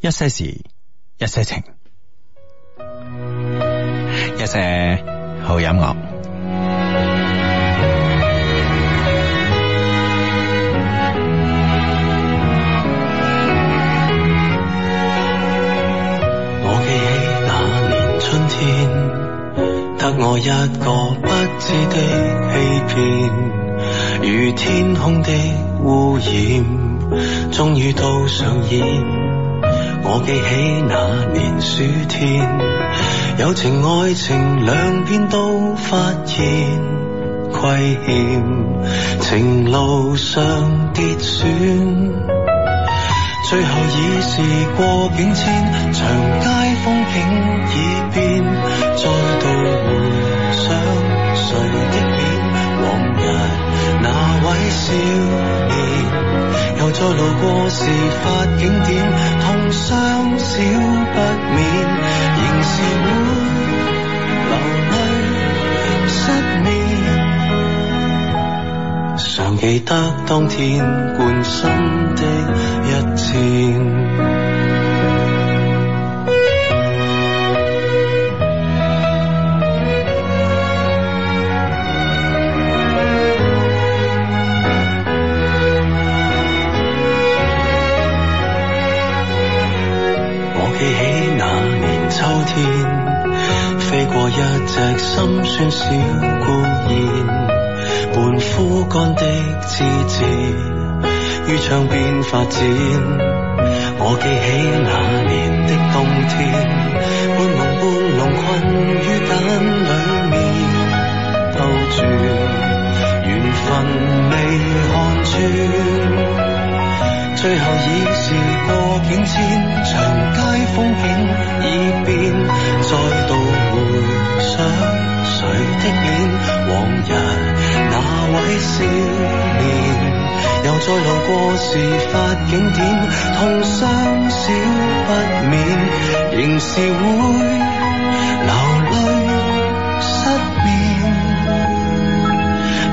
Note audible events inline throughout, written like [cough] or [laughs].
一些事，一些情，一些好音樂。我記起那年春天，得我一個不知的欺騙，如天空的污染，終於都上演。我記起那年暑天，友情愛情兩邊都發現虧欠，情路上跌損，最後已是過境遷，長街風景已變，再度回想誰的臉，往日那位笑。再路過事發景點，痛傷少不免，仍是會流淚失眠。常記得當天貫心的一箭。一隻心酸小孤燕，半枯乾的枝子，於牆邊發展。我記起那年的冬天，半朦半朧困於繭裏面兜轉，緣分未看穿。最後已事過境遷，長街風景已變，再度回想誰的臉，往日那位少年，又再路過時發景點，痛傷少不免，仍是會流淚失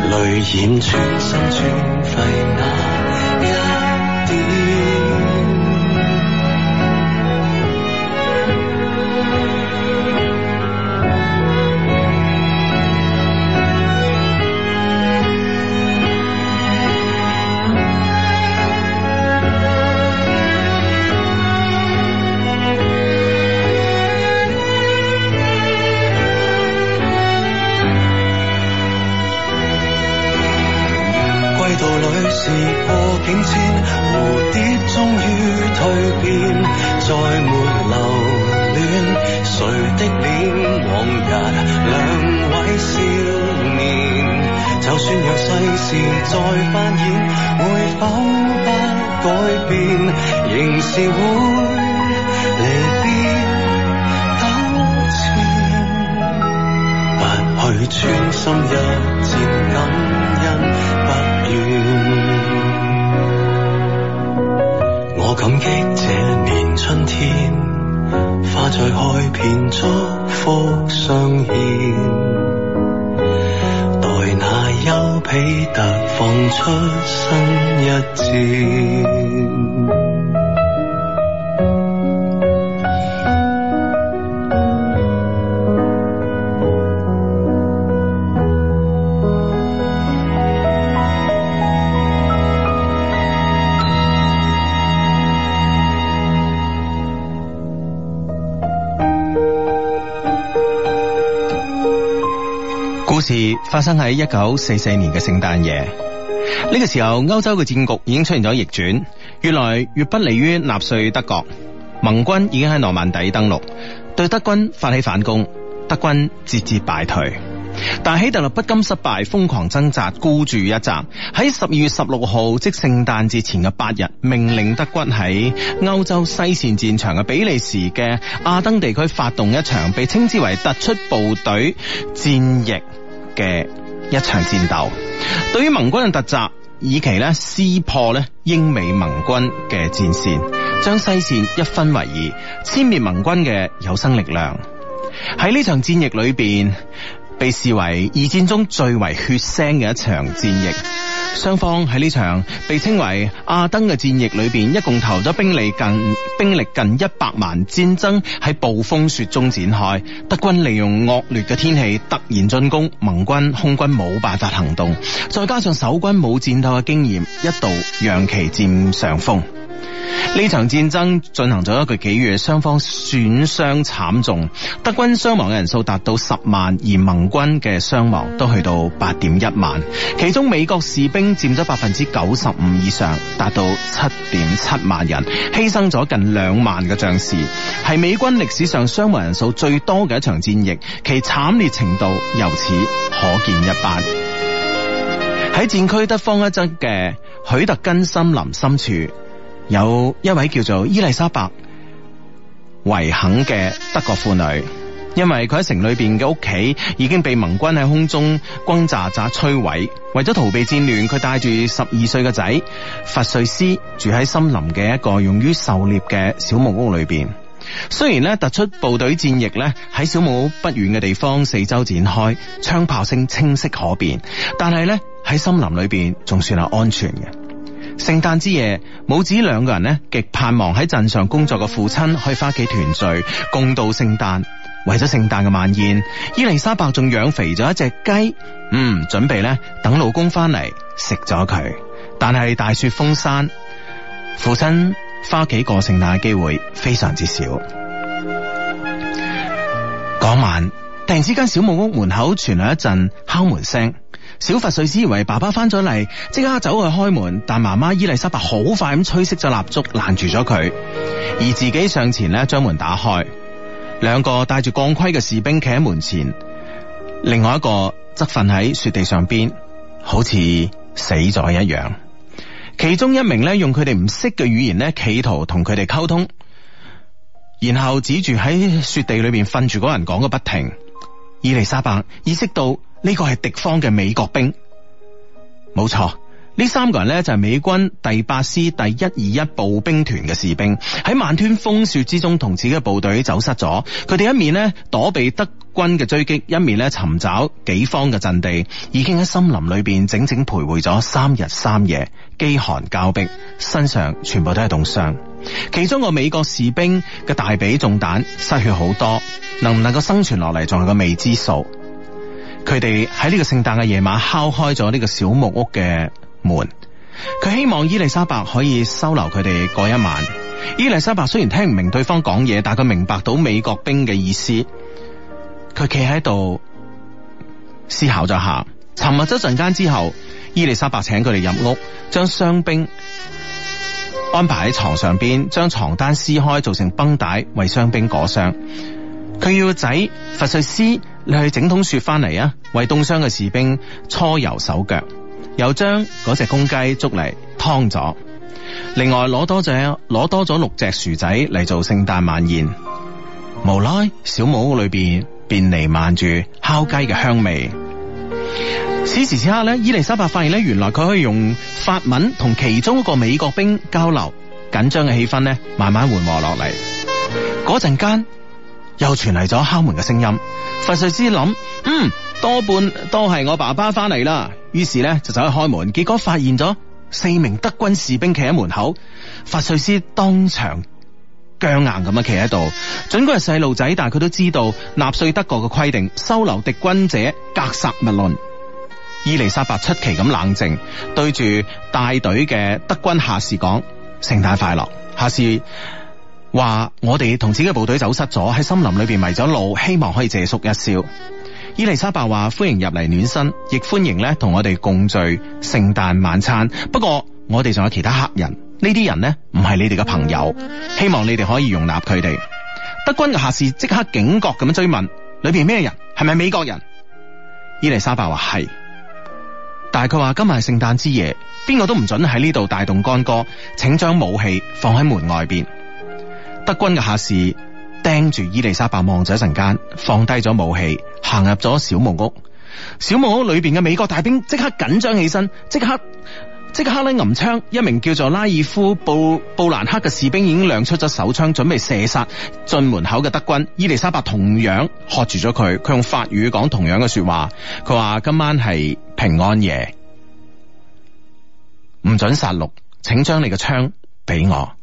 眠，淚染全身穿心穿肺那一。生喺一九四四年嘅聖誕夜，呢、這個時候歐洲嘅戰局已經出現咗逆轉，越來越不利於納粹德國。盟軍已經喺諾曼底登陸，對德軍發起反攻，德軍節節敗退。但希特勒不甘失敗，瘋狂掙扎，孤注一擲。喺十二月十六號，即聖誕節前嘅八日，命令德軍喺歐洲西線戰場嘅比利時嘅阿登地區發動一場被稱之為突出部隊戰役。嘅一場戰鬥，對於盟軍嘅突襲，以期咧撕破咧英美盟軍嘅戰線，將西線一分為二，殲滅盟軍嘅有生力量。喺呢場戰役裏邊，被視為二戰中最為血腥嘅一場戰役。雙方喺呢場被稱為阿登嘅戰役裏邊，一共投咗兵力近兵力近一百萬，戰爭喺暴風雪中展開。德軍利用惡劣嘅天氣突然進攻，盟軍空軍冇辦法行動，再加上守軍冇戰鬥嘅經驗，一度讓其占上風。呢場戰爭進行咗一個幾月，雙方損傷慘重，德軍傷亡嘅人數達到十萬，而盟軍嘅傷亡都去到八點一萬，其中美國士兵佔咗百分之九十五以上，達到七點七萬人，犧牲咗近兩萬嘅將士，係美軍歷史上傷亡人數最多嘅一場戰役，其慘烈程度由此可見一斑。喺戰區德方一側嘅許特根森林深處。有一位叫做伊麗莎白維肯嘅德國婦女，因為佢喺城裏邊嘅屋企已經被盟軍喺空中轟炸炸摧毀，為咗逃避戰亂，佢帶住十二歲嘅仔佛瑞斯住喺森林嘅一個用於狩獵嘅小木屋裏邊。雖然咧突出部隊戰役咧喺小木屋不遠嘅地方四周展開，槍炮聲清晰可辨，但係咧喺森林裏邊仲算係安全嘅。聖誕之夜，母子兩個人呢極盼望喺鎮上工作嘅父親可以翻屋企團聚，共度聖誕。為咗聖誕嘅晚宴，伊麗莎白仲養肥咗一隻雞，嗯，準備咧等老公翻嚟食咗佢。但係大雪封山，父親翻屋企過聖誕嘅機會非常之少。嗰晚突然之間，小木屋門口傳來一陣敲門聲。小佛瑞斯以為爸爸翻咗嚟，即刻走去開門，但媽媽伊麗莎白好快咁吹熄咗蠟燭，攔住咗佢，而自己上前咧將門打開。兩個戴住鋼盔嘅士兵企喺門前，另外一個則瞓喺雪地上邊，好似死咗一樣。其中一名咧用佢哋唔識嘅語言咧企圖同佢哋溝通，然後指住喺雪地裏邊瞓住嗰人講個不停。伊麗莎白意識到。呢、這個係敵方嘅美國兵，冇錯。呢三個人呢，就係、是、美軍第八師第一二一步兵團嘅士兵，喺漫天風雪之中同自己嘅部隊走失咗。佢哋一面呢，躲避德軍嘅追擊，一面呢，尋找己方嘅陣地。已經喺森林裏邊整整徘徊咗三日三夜，饑寒交迫，身上全部都係凍傷。其中個美國士兵嘅大髀中彈，失血好多，能唔能夠生存落嚟，仲係個未知數。佢哋喺呢個聖誕嘅夜晚敲開咗呢個小木屋嘅門，佢希望伊麗莎白可以收留佢哋過一晚。伊麗莎白雖然聽唔明對方講嘢，但佢明白到美國兵嘅意思。佢企喺度思考咗下，沉默咗陣間之後，伊麗莎白請佢哋入屋，將傷兵安排喺床上邊，將床單撕開做成繃帶為傷兵裹傷。佢要個仔佛瑞斯。你去整桶雪翻嚟啊，為凍傷嘅士兵搓油手腳，又將嗰隻公雞捉嚟劏咗，另外攞多隻，攞多咗六隻薯仔嚟做聖誕晚宴。無奈，小木屋裏邊便彌漫住烤雞嘅香味。此時此刻咧，伊麗莎白發現咧，原來佢可以用法文同其中一個美國兵交流。緊張嘅氣氛咧，慢慢緩和落嚟。嗰陣間，又傳嚟咗敲門嘅聲音，法瑞斯諗，嗯，多半都係我爸爸翻嚟啦。於是咧就走去開門，結果發現咗四名德軍士兵企喺門口。法瑞斯當場僵硬咁樣企喺度，盡管係細路仔，但係佢都知道納粹德國嘅規定，收留敵軍者格殺勿論。伊麗莎白出奇咁冷靜，對住帶隊嘅德軍下士講：聖誕快樂，下士。話我哋同自己嘅部隊走失咗，喺森林裏邊迷咗路，希望可以借宿一宵。伊麗莎白話，歡迎入嚟暖身，亦歡迎咧同我哋共聚聖誕晚餐。不過我哋仲有其他客人，呢啲人呢唔係你哋嘅朋友，希望你哋可以容納佢哋。德軍嘅下士即刻警覺咁樣追問裏邊咩人係咪美國人？伊麗莎白話係，但係佢話今日係聖誕之夜，邊個都唔准喺呢度大動干戈，請將武器放喺門外邊。德軍嘅下士盯住伊麗莎白望咗一陣間，放低咗武器，行入咗小木屋。小木屋裏邊嘅美國大兵即刻緊張起身，即刻即刻拎吟槍。一名叫做拉爾夫布布蘭克嘅士兵已經亮出咗手槍，準備射殺進門口嘅德軍。伊麗莎白同樣喝住咗佢，佢用法語講同樣嘅說話。佢話今晚係平安夜，唔准殺戮，請將你嘅槍俾我。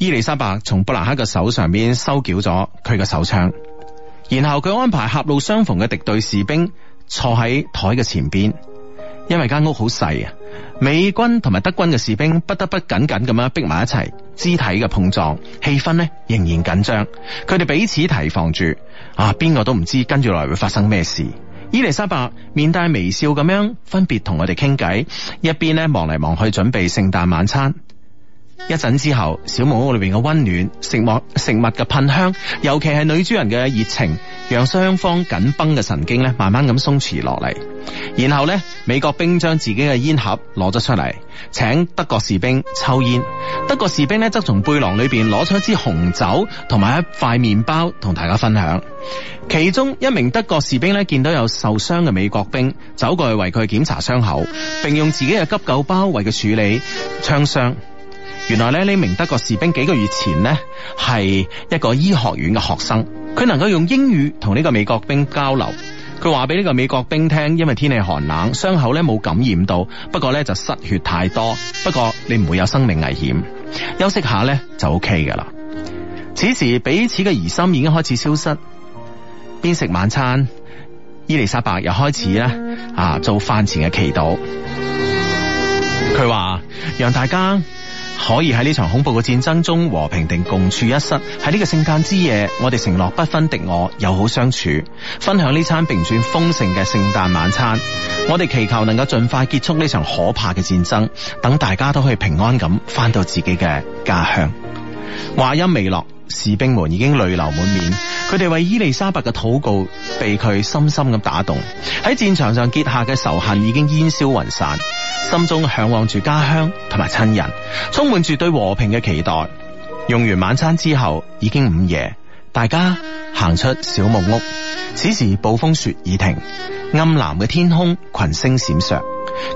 伊麗莎白從布蘭克嘅手上邊收繳咗佢嘅手槍，然後佢安排狹路相逢嘅敵對士兵坐喺台嘅前邊，因為間屋好細啊，美軍同埋德軍嘅士兵不得不緊緊咁樣逼埋一齊，肢體嘅碰撞，氣氛呢仍然緊張，佢哋彼此提防住啊，邊個都唔知跟住落嚟會發生咩事。伊麗莎白面帶微笑咁樣分別同我哋傾偈，一邊咧忙嚟忙去準備聖誕晚餐。一陣之後，小木屋裏邊嘅温暖食物食物嘅噴香，尤其係女主人嘅熱情，讓雙方緊繃嘅神經咧慢慢咁鬆弛落嚟。然後呢，美國兵將自己嘅煙盒攞咗出嚟，請德國士兵抽煙。德國士兵呢則從背囊裏邊攞出一支紅酒同埋一塊麵包同大家分享。其中一名德國士兵呢見到有受傷嘅美國兵，走過去為佢檢查傷口，並用自己嘅急救包為佢處理槍傷。原來呢，呢名德國士兵幾個月前呢，係一個醫學院嘅學生，佢能夠用英語同呢個美國兵交流。佢話俾呢個美國兵聽，因為天氣寒冷，傷口咧冇感染到，不過咧就失血太多，不過你唔會有生命危險，休息下咧就 OK 噶啦。此時彼此嘅疑心已經開始消失，邊食晚餐，伊麗莎白又開始咧啊做飯前嘅祈禱。佢話讓大家。可以喺呢場恐怖嘅戰爭中和平定共處一室。喺呢個聖誕之夜，我哋承諾不分敵我，友好相處，分享呢餐並算豐盛嘅聖誕晚餐。我哋祈求能夠盡快結束呢場可怕嘅戰爭，等大家都可以平安咁翻到自己嘅家鄉。話音未落。士兵們已經淚流滿面，佢哋為伊麗莎白嘅禱告被佢深深咁打動，喺戰場上結下嘅仇恨已經煙消雲散，心中向往住家鄉同埋親人，充滿住對和平嘅期待。用完晚餐之後，已經午夜，大家行出小木屋。此時暴風雪已停，暗藍嘅天空群星閃爍，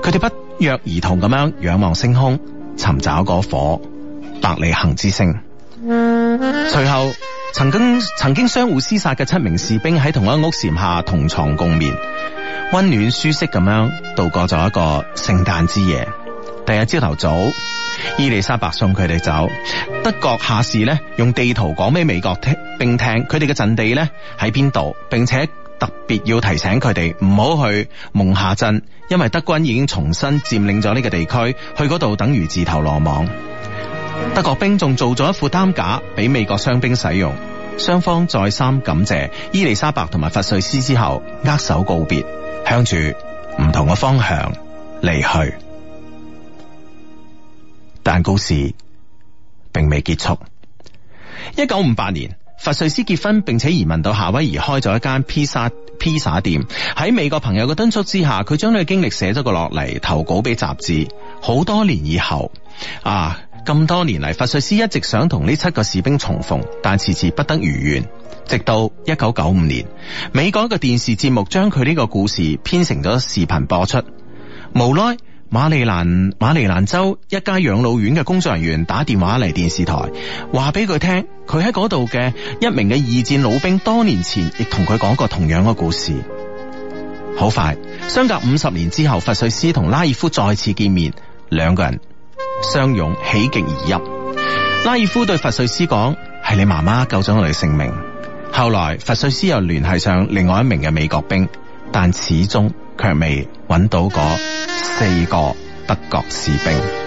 佢哋不約而同咁樣仰望星空，尋找嗰顆伯利恒之星。隨後，曾經曾經相互廝殺嘅七名士兵喺同一屋檐下同床共眠，溫暖舒適咁樣度過咗一個聖誕之夜。第二日朝頭早，伊麗莎白送佢哋走。德國下士呢用地圖講俾美國聽，並聽佢哋嘅陣地呢喺邊度，並且特別要提醒佢哋唔好去蒙下鎮，因為德軍已經重新佔領咗呢個地區，去嗰度等於自投羅網。德國兵仲做咗一副擔架俾美國傷兵使用，雙方再三感謝伊麗莎白同埋佛瑞斯之後握手告別，向住唔同嘅方向離去。但故事並未結束。一九五八年，佛瑞斯結婚並且移民到夏威夷，開咗一間披薩披薩店。喺美國朋友嘅敦促之下，佢將呢個經歷寫咗個落嚟投稿俾雜誌。好多年以後啊。咁多年嚟，佛瑞斯一直想同呢七個士兵重逢，但遲遲不得如願。直到一九九五年，美國嘅電視節目將佢呢個故事編成咗視頻播出。無奈馬里蘭馬里蘭州一家養老院嘅工作人員打電話嚟電視台，話俾佢聽，佢喺嗰度嘅一名嘅二戰老兵多年前亦同佢講過同樣嘅故事。好快，相隔五十年之後，佛瑞斯同拉爾夫再次見面，兩個人。相擁喜極而泣。拉爾夫對弗瑞斯講，係你媽媽救咗我哋性命。後來弗瑞斯又聯繫上另外一名嘅美國兵，但始終卻未揾到嗰四個德國士兵。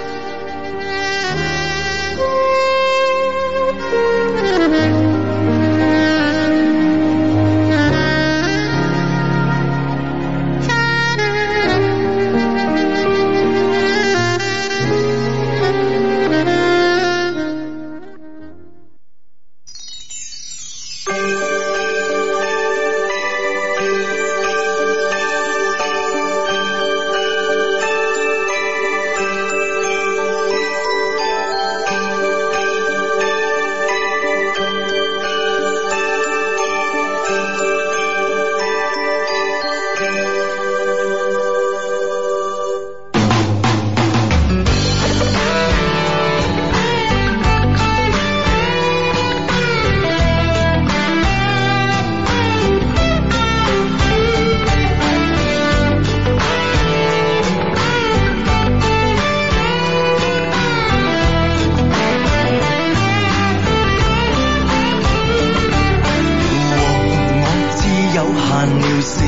時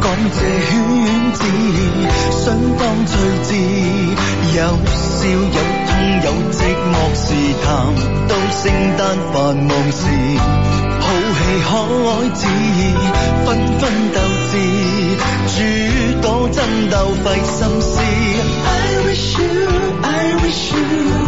講這圈子相當趣致，有笑有痛有寂寞時，談到聖誕繁忙時，好戲可止，紛紛鬥智，諸多爭鬥費心思。I wish you, I wish you.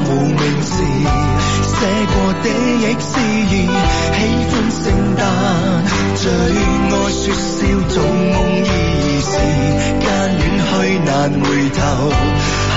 無名字，寫過的憶思，喜歡聖誕，最愛說笑做夢兒時，時間遠去難回頭。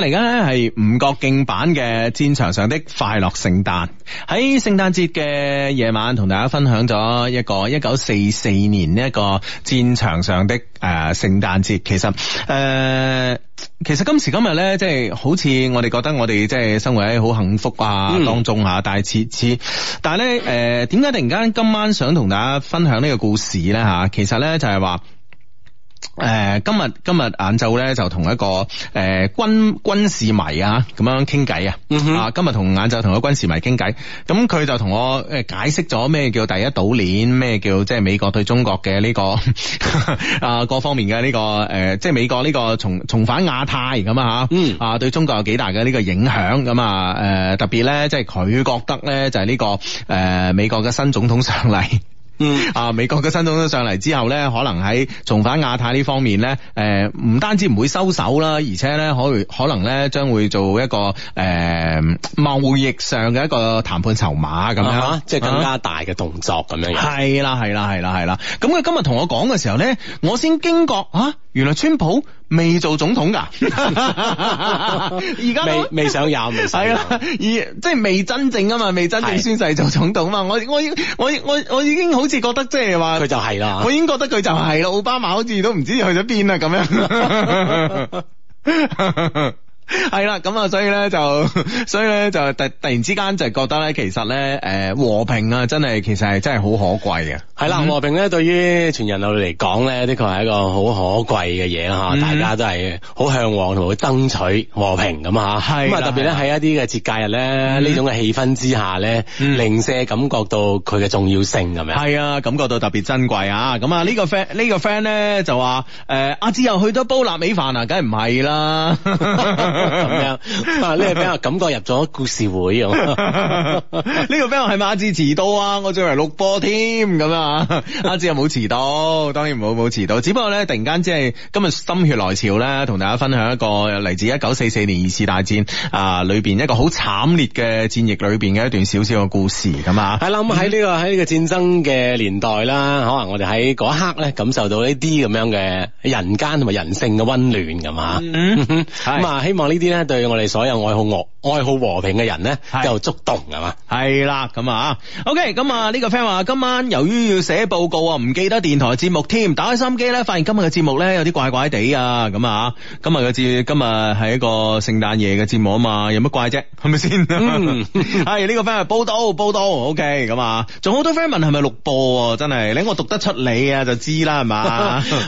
嚟家咧係吳國敬版嘅戰場上的快樂聖誕。喺聖誕節嘅夜晚，同大家分享咗一個一九四四年呢一個戰場上的誒聖誕節。其實誒、呃，其實今時今日呢，即係好似我哋覺得我哋即係生活喺好幸福啊、嗯、當中吓、啊。但係似似，但係呢，誒、呃，點解突然間今晚想同大家分享呢個故事呢？吓、嗯？其實呢，就係話。誒、呃，今日今日晏晝咧就同一個誒、呃、軍軍事迷啊咁樣傾偈啊，嗯、啊今日同晏晝同個軍事迷傾偈，咁佢就同我誒解釋咗咩叫第一島鏈，咩叫即係美國對中國嘅呢、這個 [laughs] 啊各方面嘅呢、這個誒，即、呃、係、就是、美國呢個重重返亞太咁啊，嗯、啊對中國有幾大嘅呢個影響，咁啊誒、呃、特別咧即係佢覺得咧就係、是、呢、這個誒、呃、美國嘅新總統上嚟。嗯，啊，美國嘅新總統上嚟之後咧，可能喺重返亞太呢方面咧，誒、呃，唔單止唔會收手啦，而且咧，可能可能咧，將會做一個誒、呃、貿易上嘅一個談判籌碼咁、啊、樣，即係更加大嘅動作咁、啊、樣嘅。係啦，係啦，係啦，係啦。咁佢今日同我講嘅時候咧，我先驚覺啊，原來川普。未做總統㗎，而 [laughs] 家未未想有，未想係 [laughs] 而即係未真正啊嘛，未真正宣誓做總統啊嘛，我我已經我我我已經好似覺得即係話，佢就係、是、啦，我已經覺得佢就係啦，奧巴馬好似都唔知去咗邊啦咁樣。 [laughs] [laughs] 係啦，咁啊，所以咧，就，所以咧就突突然之間就覺得咧，其實咧，誒，和平啊，真係其實係真係好可貴嘅。係啦、嗯，和平咧對於全人類嚟講咧，的確係一個好可貴嘅嘢啦，吓、嗯，大家都係好向往同去爭取和平咁吓。係啊，特別咧喺一啲嘅節假日咧，呢、嗯、種嘅氣氛之下咧，零、嗯、舍感覺到佢嘅重要性咁樣。係啊，感覺到特別珍貴啊。咁 f- f-、呃、啊，呢個 friend 呢個 friend 咧就話，誒，阿志又去咗煲臘味飯啊，梗係唔係啦。 [laughs] 咁 [laughs] 樣，呢個俾我感覺入咗故事會啊！呢 [laughs] [laughs] 個俾我係馬志遲到啊，我仲嚟錄播添咁啊！阿志又冇遲到，當然冇冇遲到，只不過咧突然間即係今日心血來潮咧，同大家分享一個嚟自一九四四年二次大戰啊裏邊一個好慘烈嘅戰役裏邊嘅一段小小嘅故事咁啊！係啦，咁喺呢個喺呢個戰爭嘅年代啦、嗯，可能我哋喺嗰一刻咧感受到呢啲咁樣嘅人間同埋人性嘅溫暖，係、嗯、嘛？咁、嗯、啊，希望。呢啲咧對我哋所有愛好惡。愛好和平嘅人咧，又觸動係嘛？係啦，咁啊，OK，咁啊呢、這個 friend 話今晚由於要寫報告啊，唔記得電台節目添，打開心機咧，發現今日嘅節目咧有啲怪怪地啊，咁啊，今日嘅節今日係一個聖誕夜嘅節目啊嘛，有乜怪啫？係咪先？嗯，係 [laughs] 呢、這個 friend 報道報道，OK，咁啊，仲好多 friend 問係咪錄播？啊。真係，你我讀得出你 [laughs] 啊，就知啦，係嘛？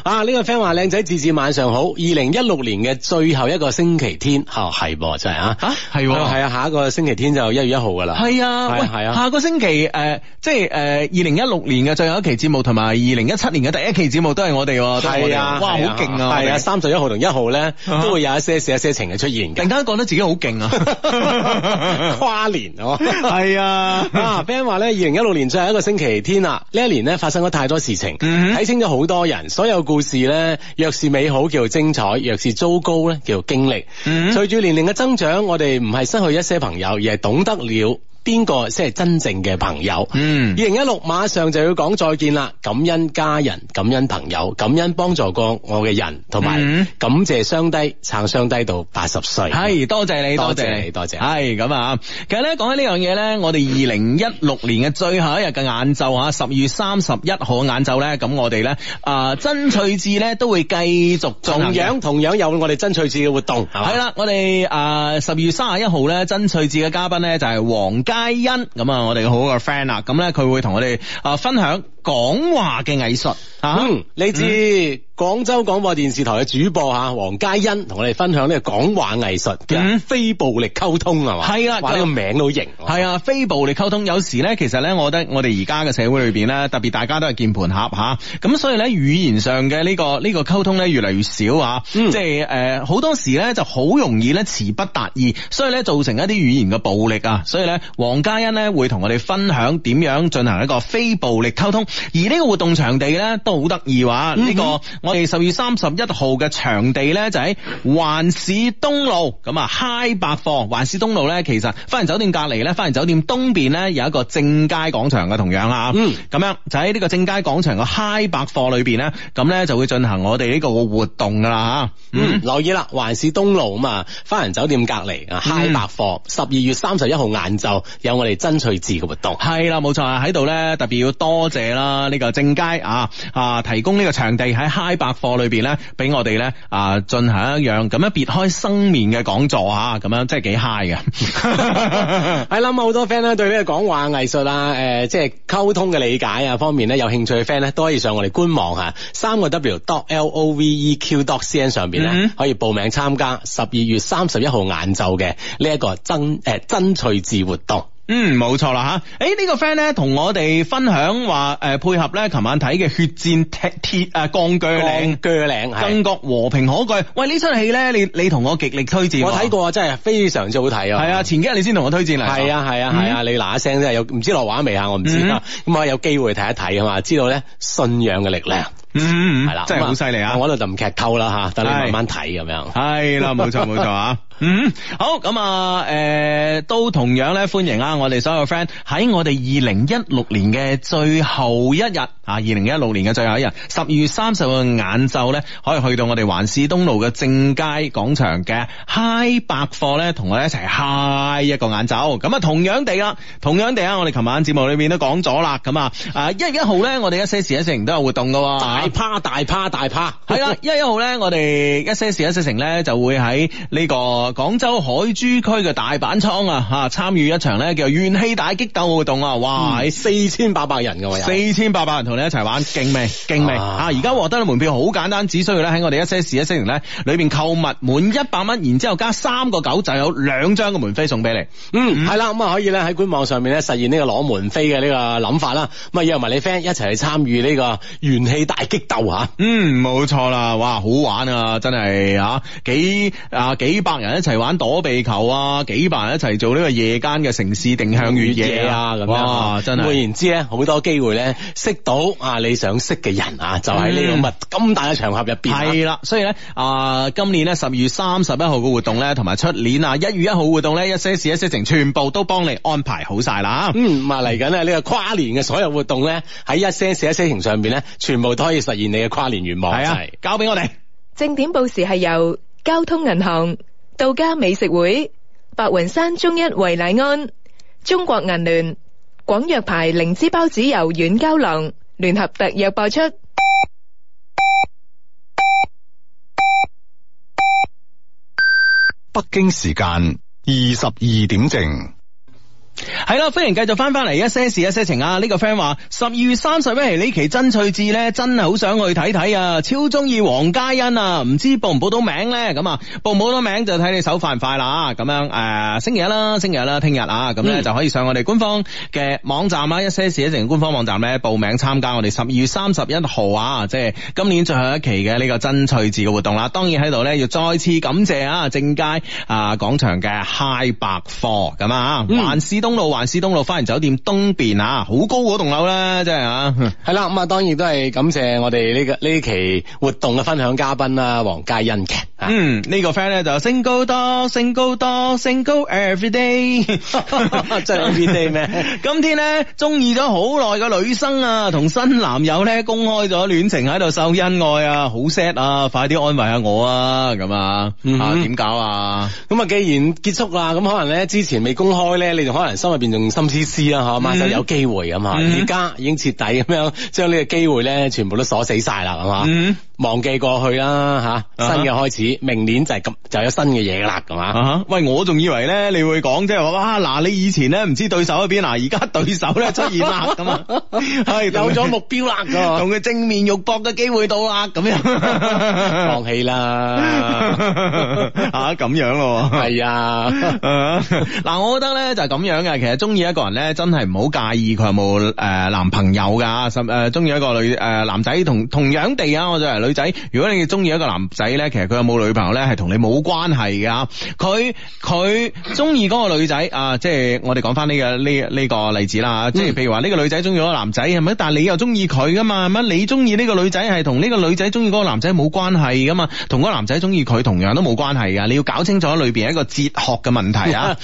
啊，呢個 friend 話靚仔字字晚上好，二零一六年嘅最後一個星期天，吓係噃，真係、就是、啊，吓、啊係啊，啊，下一個星期天就一月一號噶啦。係啊，喂，係啊，啊，下個星期誒、呃，即係誒，二零一六年嘅最後一期節目，同埋二零一七年嘅第一期節目都係我哋。係啊，哇，好勁啊！係啊，三十一號同一號咧，都會有一些事、一些情嘅出現。突然間覺得自己好勁啊！ [laughs] 跨年哦，係啊， [laughs] 啊。Ben 話咧，二零一六年最後一個星期天啊，呢一年咧發生咗太多事情，睇、嗯、清咗好多人，所有故事咧，若是美好叫做精彩，若是糟糕咧叫做經歷。隨、嗯、住年齡嘅增長，我哋唔。唔係失去一些朋友，而係懂得了，邊個先係真正嘅朋友？嗯，二零一六馬上就要講再見啦！感恩家人，感恩朋友，感恩幫助過我嘅人，同埋感謝雙低撐雙低到八十歲。係多謝你，多謝你，多謝。係咁啊！其實咧講緊呢樣嘢咧，我哋二零一六年嘅最後一日嘅晏晝吓，十二月三十一號嘅晏晝咧，咁我哋咧啊曾翠智咧都會繼續同樣同樣有我哋曾翠智嘅活動。係啦，我哋誒十二月三十一號咧，曾翠智嘅嘉賓咧就係黃嘉。佳欣，咁啊，我哋好好嘅 friend 啦，咁咧佢會同我哋啊分享。講話嘅藝術吓，嗯，嚟自廣州廣播電視台嘅主播吓，黃嘉欣同我哋分享呢個講話藝術嘅非暴力溝通係嘛？係啦，話個名都好型，係啊，非暴力溝通，有時呢，其實呢，我覺得我哋而家嘅社會裏邊呢，特別大家都係鍵盤俠吓，咁所以呢，語言上嘅呢個呢個溝通呢，越嚟越少啊，嗯，即係誒，好、呃、多時呢，就好容易呢，詞不達意，所以呢，造成一啲語言嘅暴力啊，所以呢，黃嘉欣呢，會同我哋分享點樣進行一個非暴力溝通。而呢個活動場地呢都好得意話，呢、嗯這個我哋十月三十一號嘅場地呢，就喺環市東路咁啊 Hi 百貨環市東路呢，其實花園酒店隔離呢，花園酒店東邊呢，有一個正佳廣場嘅同樣啦咁、嗯、樣就喺呢個正佳廣場個 Hi 百貨裏邊呢，咁呢就會進行我哋呢個活動噶啦吓，嗯，留意啦，環市東路啊嘛，花園酒店隔離啊 Hi 百貨，十二、嗯、月三十一號晏晝有我哋爭取字嘅活動，係啦冇錯啊喺度呢特別要多謝啦。啊！呢、這個正佳啊啊，提供呢個場地喺 High 百貨裏邊咧，俾我哋咧啊，進行一樣咁樣別開生面嘅講座吓，咁、啊、樣真係幾 high 嘅。係 [laughs] 啦， [laughs] 咁好多 friend 咧，對呢個講話藝術啊，誒、呃，即係溝通嘅理解啊方面咧，有興趣嘅 friend 咧，都可以上我哋官網吓，三個 W dot L O V E Q dot C N 上邊咧，mm-hmm. 可以報名參加十二月三十一號晏晝嘅呢一個爭誒爭取字活動。嗯，冇錯啦吓，誒、欸這個、呢個 friend 咧同我哋分享話，誒、呃、配合咧琴晚睇嘅《血戰鐵鐵啊鋼鋸嶺》，鋼鋸嶺，感覺和平可貴。喂，戲呢出戲咧，你你同我極力推薦，我睇過啊，真係非常之好睇啊。係啊，前幾日你先同我推薦啊，係啊係啊係啊，你嗱一聲啫，有唔知落畫未啊，我唔知啊。咁、嗯、啊、嗯嗯、有機會睇一睇啊。嘛，知道咧信仰嘅力量。嗯嗯，係啦，真係好犀利啊！我呢度就唔劇透啦吓，等你慢慢睇咁樣。係啦，冇錯冇錯啊。 [laughs] 嗯，好咁啊，誒、嗯，都同樣咧，歡迎啊，我哋所有 friend 喺我哋二零一六年嘅最後一日啊，二零一六年嘅最後一日，十二月三十號嘅晏晝咧，可以去到我哋環市東路嘅正佳廣場嘅嗨百貨咧，同我哋一齊嗨一個晏晝咁啊，同樣地啦，同樣地啊，我哋琴晚節目裏面都講咗啦，咁啊，啊一月一號咧，我哋一些事一些情都有活動噶，大趴大趴大趴，係啦，一月一號咧，我哋一些事一些情咧就會喺呢、這個。廣州海珠區嘅大板倉啊，吓參與一場咧叫元氣大激鬥活動啊！哇，四千八百人嘅喎，四千八百人同、啊、你一齊玩勁味勁味啊！而家獲得嘅門票好簡單，只需要咧喺我哋一些事一些情咧裏邊購物滿一百蚊，然之後加三個九就有兩張嘅門飛送俾你。嗯，係、嗯、啦，咁、嗯、啊可以咧喺官網上面咧實現呢個攞門飛嘅呢個諗法啦。咁啊約埋你 friend 一齊去參與呢個元氣大激鬥吓、啊。嗯，冇錯啦，哇，好玩啊，真係吓、啊、幾啊幾百人。一齊玩躲避球啊！幾百人一齊做呢個夜間嘅城市定向越野啊！咁樣啊，真係換言之咧，好多機會咧，識到啊你想識嘅人啊，就喺、是、呢個咁、嗯、大嘅場合入邊係啦。所以咧，啊、呃、今年咧十二月三十一號嘅活動咧，同埋出年啊一月一號活動咧，一些事一些情，全部都幫你安排好晒啦、啊。嗯，啊嚟緊咧呢、這個跨年嘅所有活動咧，喺一些事一些情上邊咧，全部都可以實現你嘅跨年願望係啊。交俾我哋正點報時係由交通銀行。道家美食會，白雲山中一維奶安，中國銀聯，廣藥牌靈芝包子油軟膠囊，聯合特約播出。北京時間二十二點正。係啦，歡迎繼續翻翻嚟一些事一些情、這個嗯、期這期看看啊！呢個 friend 話十二月三十一呢期真趣字呢，真係好想去睇睇啊！超中意黃嘉欣啊，唔知報唔報到名呢？咁啊，報唔報唔到名就睇你手快唔快啦、啊！咁樣誒、呃，星期一啦，星期日啦，聽日啊，咁咧、嗯、就可以上我哋官方嘅網站啊。一些事一些情官方網站咧，報名參加我哋十二月三十一號啊，即係今年最後一期嘅呢個真趣字嘅活動啦、啊。當然喺度呢，要再次感謝啊正佳啊廣場嘅 High 百貨咁啊，萬、嗯東路環市東路花園酒店東邊啊，好高嗰棟樓啦，真係啊，係啦，咁啊，當然都係感謝我哋呢個呢期活動嘅分享嘉賓啦、啊，黃嘉欣嘅、啊。嗯，這個、呢個 friend 咧就 single 多，single 多，single everyday，即係 everyday 咩？今天咧中意咗好耐嘅女生啊，同新男友咧公開咗戀情喺度秀恩愛啊，好 sad 啊，快啲安慰下、啊、我啊，咁啊，嗯、啊點搞啊？咁啊，既然結束啦，咁可能咧之前未公開咧，你哋可能。心入邊仲心思思啦，吓、mm-hmm. 嘛，就有機會咁。而家已經徹底咁樣將呢個機會咧，全部都鎖死晒啦，係嘛。忘記過去啦，吓，新嘅開始，明年就係咁就有新嘅嘢啦，係嘛？喂，我仲以為咧，你會講即係話哇，嗱你以前咧唔知對手喺邊，嗱而家對手咧出現啦，咁係有咗目標啦，同佢正面肉搏嘅機會到啦，咁樣放棄啦，吓，咁樣咯，係啊，嗱，我覺得咧就係咁樣嘅，其實中意一個人咧，真係唔好介意佢有冇誒，男朋友噶，甚誒，中意一個女誒，男仔同同樣地啊，我就係女仔，如果你中意一個男仔咧，其實佢有冇女朋友咧，係同你冇關係嘅。佢佢中意嗰個女仔啊，即係我哋講翻嘅呢呢個例子啦，即係譬如話呢個女仔中意一個男仔，係咪，嗯？但係你又中意佢噶嘛？係你中意呢個女仔係同呢個女仔中意嗰個男仔冇關係噶嘛？同嗰個男仔中意佢同樣都冇關係噶，你要搞清楚裏邊一個哲學嘅問題啊！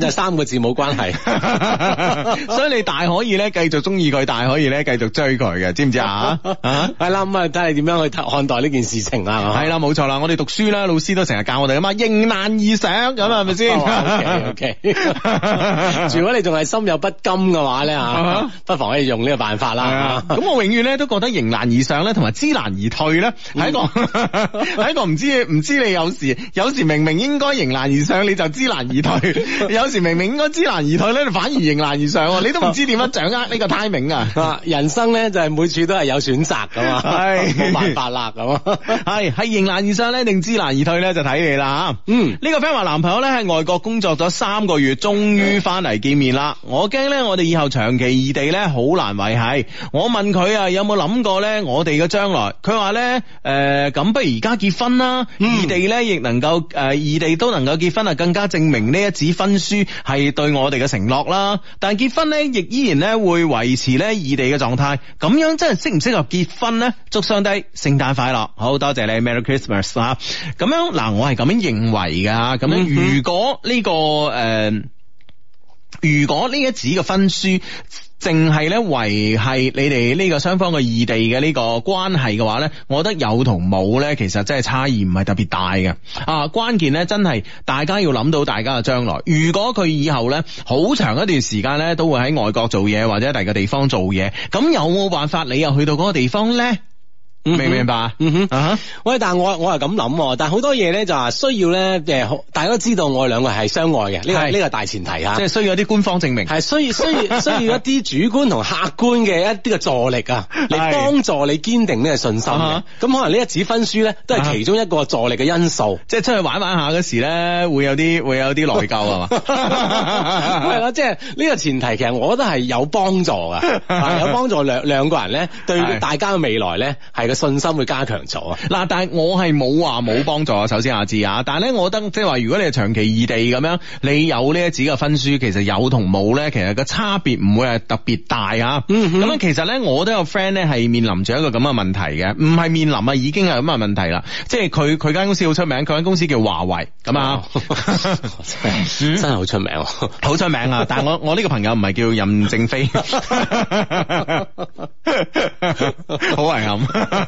就三個字冇關係 [laughs] [laughs] 所以你大可以咧繼續中意佢，大可以咧繼續追佢嘅，知唔知啊？啊，係 [laughs] 啦、嗯，咁啊睇你點樣去睇。看待呢件事情啦，係、啊、啦，冇錯啦，我哋讀書啦，老師都成日教我哋啊嘛，迎難而上咁係咪先？O K O K。哦、okay, okay, [laughs] [laughs] 如果你仲係心有不甘嘅話咧、啊，不妨可以用呢個辦法啦。咁、啊啊啊、我永遠咧都覺得迎難而上咧，同埋知難而退咧，喺一個係、嗯、 [laughs] 個唔知唔知道你有時有時明明應該迎難而上，你就知難而退； [laughs] 有時明明應該知難而退咧，就反而迎難而上。你都唔知點樣掌握呢個 timing 啊，啊，啊！人生咧就係每處都係有選擇噶嘛，冇、哎、 [laughs] 辦法。難咁係係迎難而上定知難而退呢？就睇你啦。嗯，呢、這個 friend 話男朋友呢，喺外國工作咗三個月，終於翻嚟見面啦。我驚呢，我哋以後長期異地呢，好難維繫。我問佢啊，有冇諗過呢？我哋嘅將來？佢話呢，誒、呃，咁不如而家結婚啦，異、嗯、地呢，亦能夠誒，異地都能夠結婚啊，更加證明呢一紙婚書係對我哋嘅承諾啦。但結結婚呢，亦依然呢，會維持呢異地嘅狀態，咁樣真係適唔適合結婚呢？祝上帝聖誕快樂，好多謝你，Merry Christmas 啊！咁樣嗱，我係咁樣認為噶。咁樣如果呢、呢個誒、mm-hmm. 呃，如果呢一紙嘅分書，淨係咧維繫你哋呢個雙方嘅異地嘅呢個關係嘅話咧，我覺得有同冇咧，其實真係差異唔係特別大嘅。啊，關鍵咧，真係大家要諗到大家嘅將來。如果佢以後咧，好長一段時間咧，都會喺外國做嘢或者第二個地方做嘢，咁有冇辦法你又去到嗰個地方咧？明唔明白？嗯哼，喂、嗯嗯嗯，但係我我係咁諗，但係好多嘢咧就話需要咧，誒，大家都知道我哋兩個係相愛嘅，呢、這個呢個大前提吓，即、就、係、是、需要一啲官方證明，係需要需要 [laughs] 需要一啲主觀同客觀嘅一啲嘅助力啊，嚟幫助你堅定呢個信心咁、嗯、可能呢一紙婚書咧都係其中一個助力嘅因素，即、啊、係、就是、出去玩玩下嗰時咧會有啲會有啲內疚啊嘛，係 [laughs] 啦， [laughs] 即係呢個前提其實我覺得係有幫助噶， [laughs] 有幫助兩兩個人咧，對大家嘅未來咧係。信心會加強咗嗱，但係我係冇話冇幫助啊。首先阿志啊，但係咧，我覺得即係話，如果你係長期異地咁樣，你有呢一紙嘅分書，其實有同冇咧，其實個差別唔會係特別大啊。嗯哼，咁樣其實咧，我都有 friend 咧係面臨住一個咁嘅問題嘅，唔係面臨啊，已經係咁嘅問題啦。即係佢佢間公司好出名，佢間公司叫華為咁啊，哦、 [laughs] 真係好出名，好 [laughs] 出名啊！但係我我呢個朋友唔係叫任正非，好遺憾。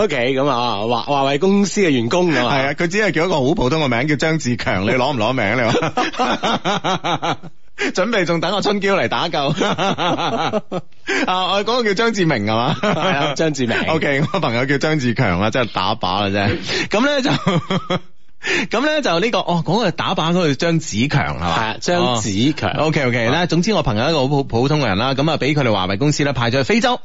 O K，咁啊華華為公司嘅員工係啊，佢只係叫一個好普通嘅名，叫張志強，你攞唔攞名你話？ [laughs] [laughs] 準備仲等我春嬌嚟打救 [laughs] 啊！我嗰個叫張志明係嘛？係啊，張志明。O、okay, K，我朋友叫張志強啦，真係打靶啦啫。咁 [laughs] 咧那就咁咧 [laughs] 就呢、這個哦，嗰、那個打靶嗰個張子強係嘛？係張子強。O K O K。咧、哦 okay, okay, 嗯，總之我朋友一個好普普通嘅人啦，咁啊俾佢哋華為公司咧派咗去非洲。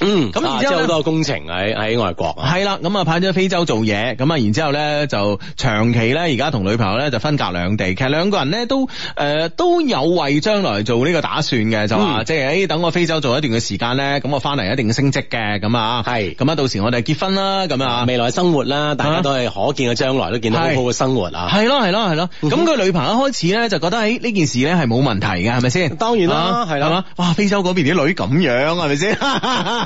嗯，咁、嗯、然之後好、啊、多工程喺喺外國啊，係啦，咁、嗯、啊派咗非洲做嘢，咁啊然之後咧就長期咧，而家同女朋友咧就分隔兩地，其實兩個人咧都誒、呃、都有為將來做呢個打算嘅，就話即係等我非洲做一段嘅時間咧，咁我翻嚟一定升職嘅，咁啊係，咁啊、嗯、到時我哋結婚啦，咁、嗯、啊未來生活啦，大家都係可見嘅將來都見到好好嘅生活啊，係咯係咯係咯，咁佢、嗯、女朋友一開始咧就覺得誒呢、哎、件事咧係冇問題嘅，係咪先？當然啦，係、啊、啦，哇，非洲嗰邊啲女咁樣係咪先？ [laughs]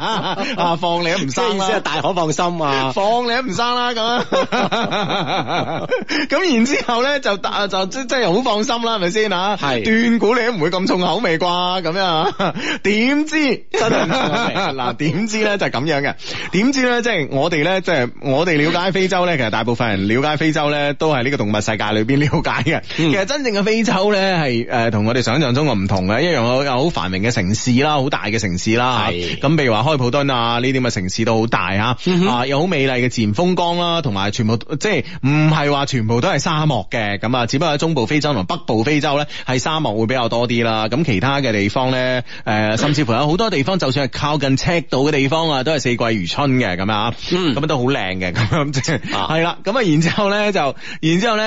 啊！放你都唔生，啦，意思大可放心啊！放你都唔生啦，咁咁 [laughs] [laughs] 然之後咧就就即即係好放心啦，係咪先吓？係斷估你都唔會咁重口味啩？咁樣點知真係嗱？點 [laughs] 知咧就係、是、咁樣嘅？點知咧即係我哋咧即係我哋了解非洲咧， [laughs] 其實大部分人了解非洲咧都係呢個動物世界裏邊了解嘅、嗯。其實真正嘅非洲咧係誒同我哋想象中嘅唔同嘅，因為一樣有個好繁榮嘅城市啦，好大嘅城市啦。咁，譬、啊、如話普敦啊，呢啲咁嘅城市都好大嚇，啊又好美麗嘅自然風光啦，同埋全部即係唔係話全部都係沙漠嘅，咁啊，只不過喺中部非洲同北部非洲咧係沙漠會比較多啲啦，咁其他嘅地方咧，誒，甚至乎有好多地方，就算係靠近赤道嘅地方、嗯、啊，都係四季如春嘅咁啊，咁都好靚嘅咁樣即係係啦，咁啊，然之後咧就，然之後咧，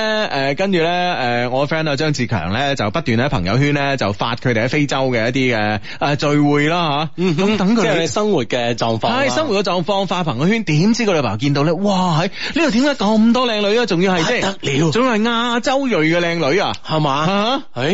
誒，跟住咧，誒，我 friend 阿張志強咧就不斷喺朋友圈咧就發佢哋喺非洲嘅一啲嘅誒聚會啦，吓、嗯，咁等佢哋。即係生活。嘅狀、啊、狀況，生活嘅狀況，發朋友圈，點知個女朋友見到咧，哇！呢度點解咁多靚女，女啊？仲要係即係不得了，仲要係亞洲裔嘅靚女啊，係嘛？嚇、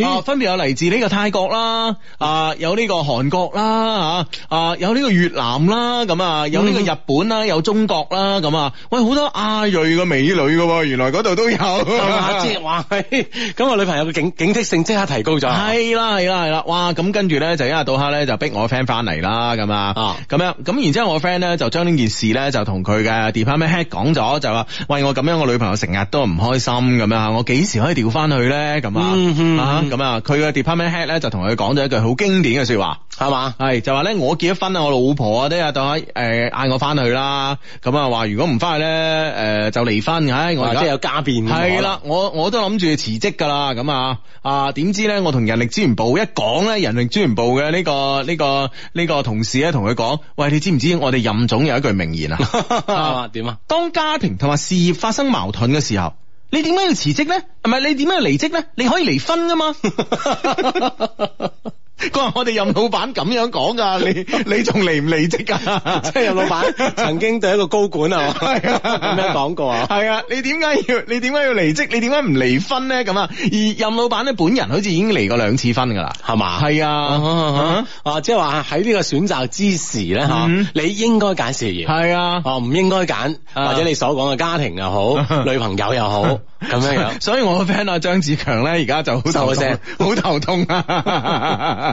啊，分別有嚟自呢個泰國啦，啊有呢個韓國啦，啊有呢個越南啦，咁啊有呢個日本啦、嗯，有中國啦，咁啊喂好多亞裔嘅美女㗎、啊、喎，原來嗰度都有、啊，即係哇！咁、 [laughs] 啊，我女朋友嘅警警惕性即刻提高咗，係啦，係啦，係啦，啦，哇！咁跟住咧就一日到黑咧就逼我 friend 翻嚟啦，咁啊。咁樣，咁然之後我 friend 咧就將呢件事咧就同佢嘅 department head 講咗，就話，喂，我咁樣個女朋友成日都唔開心咁樣，我幾時可以調翻去咧？咁、嗯、啊，咁啊，佢嘅 department head 咧就同佢講咗一句好經典嘅說話，係、嗯、嘛？係，就話咧我結咗婚啦，我老婆啊啲啊等我誒嗌我翻去啦，咁啊話如果唔翻去咧誒、呃、就離婚，我而家有家變，係啦，我我都諗住辭職噶啦，咁啊啊點知咧我同人力資源部一講咧，人力資源部嘅呢個呢個呢個同事咧同佢講。喂，你知唔知我哋任總有一句名言啊？點啊？當家庭同埋事業發生矛盾嘅時候，你點解要辭職咧？唔係你點解要離職咧？你可以離婚噶嘛？ [laughs] 佢話我哋任老闆咁樣講噶，你你仲離唔離職啊？即、就、係、是、任老闆曾經對一個高管係啊咁、 [laughs] 啊、樣講過啊？係啊，你點解要你點解要離職？你點解唔離婚咧？咁啊？而任老闆咧本人好似已經離過兩次婚噶啦，係嘛？係啊，啊即係話喺呢個選擇之時咧，吓、嗯、你應該揀事業，係啊，哦、啊、唔應該揀、啊、或者你所講嘅家庭又好， [laughs] 女朋友又好咁 [laughs] 樣。所以，所以我個 friend 阿張志強咧而家就好受咗聲，好頭痛啊！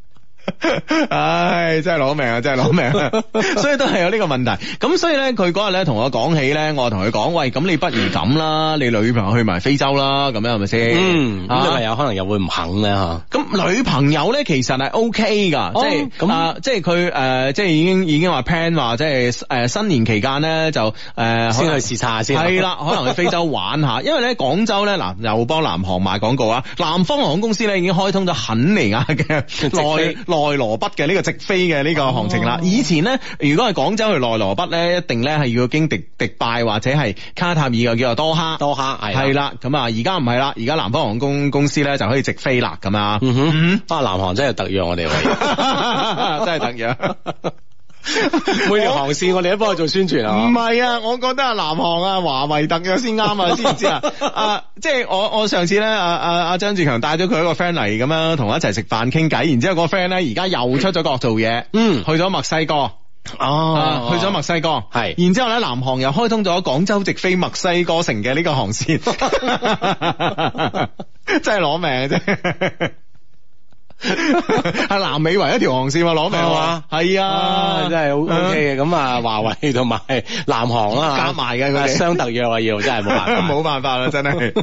[laughs] 唉，真係攞命啊，真係攞命啊！ [laughs] 所以都係有呢個問題。咁所以咧，佢嗰日咧同我講起咧，我同佢講：喂，咁你不如咁啦，你女朋友去埋非洲啦，咁樣係咪先？嗯，咁、啊、女朋友可能又會唔肯咧吓。咁、啊、女朋友咧其實係 O K 噶，即係咁、嗯啊，即係佢誒，即係已經已經話 plan 話，即係誒新年期間咧就誒、呃、先去視察下先、啊。係啦， [laughs] 可能去非洲玩下，因為咧廣州咧嗱又幫南航賣廣告啊。南方航空公司咧已經開通咗肯尼亞嘅內內羅畢嘅呢、呢個直飛嘅呢個行程啦，oh. 以前呢，如果係廣州去內羅畢呢，一定呢係要經迪迪拜或者係卡塔爾又叫做多哈，多哈係，係啦，咁啊而家唔係啦，而家南方航空公司呢就可以直飛啦咁啊，南航真係特約我哋， [laughs] [laughs] 真係特約。 [laughs] [laughs] 每條航線我哋都幫佢做宣傳啊！唔 [laughs] 係啊，我覺得啊，南航啊，華為特約先啱啊，知唔知道、 [laughs] uh, 啊？啊，即係我我上次咧，阿阿阿張志強帶咗佢一個 friend 嚟，咁樣同我一齊食飯傾偈，然之後個 friend 咧而家又出咗國做嘢，嗯，去咗墨西哥，哦、啊啊，去咗墨西哥，係，然之後咧南航又開通咗廣州直飛墨西哥城嘅呢個航線， [laughs] [laughs] 真係攞命。係 [laughs] 南美為一條航綫攞命，哦，是啊，係，OK 嗯，啊，啊，真係好 OK 嘅。咁啊，華為同埋南航啊，夾埋嘅佢哋雙特約啊，要真係冇辦，冇辦法啦， [laughs] 真係。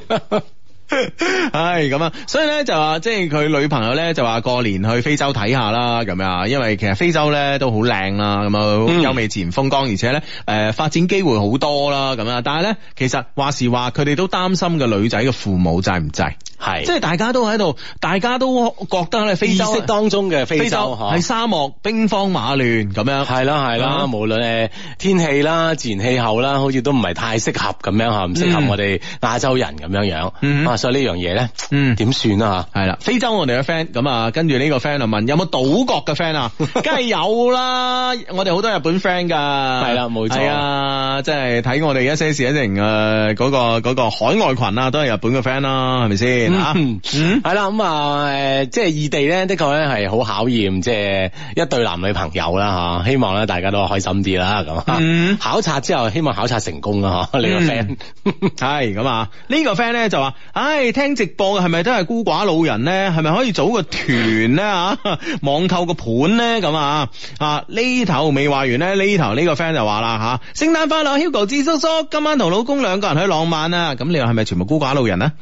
係咁啊，所以咧就話，即係佢女朋友咧就話過年去非洲睇下啦，咁樣，因為其實非洲咧都好靚啦，咁啊優美自然風光，嗯，而且咧誒、呃、發展機會好多啦，咁啊，但係咧其實話時話，佢哋都擔心個女仔嘅父母制唔制。係，即係大家都喺度，大家都覺得咧，非洲當中嘅非洲喺沙漠、兵荒馬亂咁、嗯、樣，係啦係啦，無論誒天氣啦、自然氣候啦，好似都唔係太適合咁樣吓，唔適合我哋亞洲人咁樣樣。嗯，啊，所以呢樣嘢咧，嗯，點算啊吓？係啦，非洲我哋嘅 friend，咁啊，跟住呢個 friend 就問有冇島國嘅 friend 啊？梗係有啦， [laughs] 我哋好多日本 friend 噶，係啦，冇錯啊，即係睇我哋一些事一些情誒嗰個嗰、嗰個海外群啊，都係日本嘅 friend 啦，係咪先？係啦，咁 [noise] 啊，誒、嗯嗯嗯，即係異地咧，的確咧係好考驗，即係一對男女朋友啦，吓，希望咧大家都開心啲啦，咁、嗯，啊、嗯，考察之後希望考察成功啦，嗬、嗯，呢個 friend 係咁啊，呢、 [laughs] 這個 friend 咧就話，唉、哎，聽直播係咪都係孤寡老人咧？係咪可以組個團咧？吓， [laughs] 網購個盤咧，咁啊，呢啊呢頭未話完咧，呢頭呢個 friend 就話啦，吓，聖誕快樂，Hugo 智叔叔，今晚同老公兩個人去浪漫啊，咁你話係咪全部孤寡老人啊？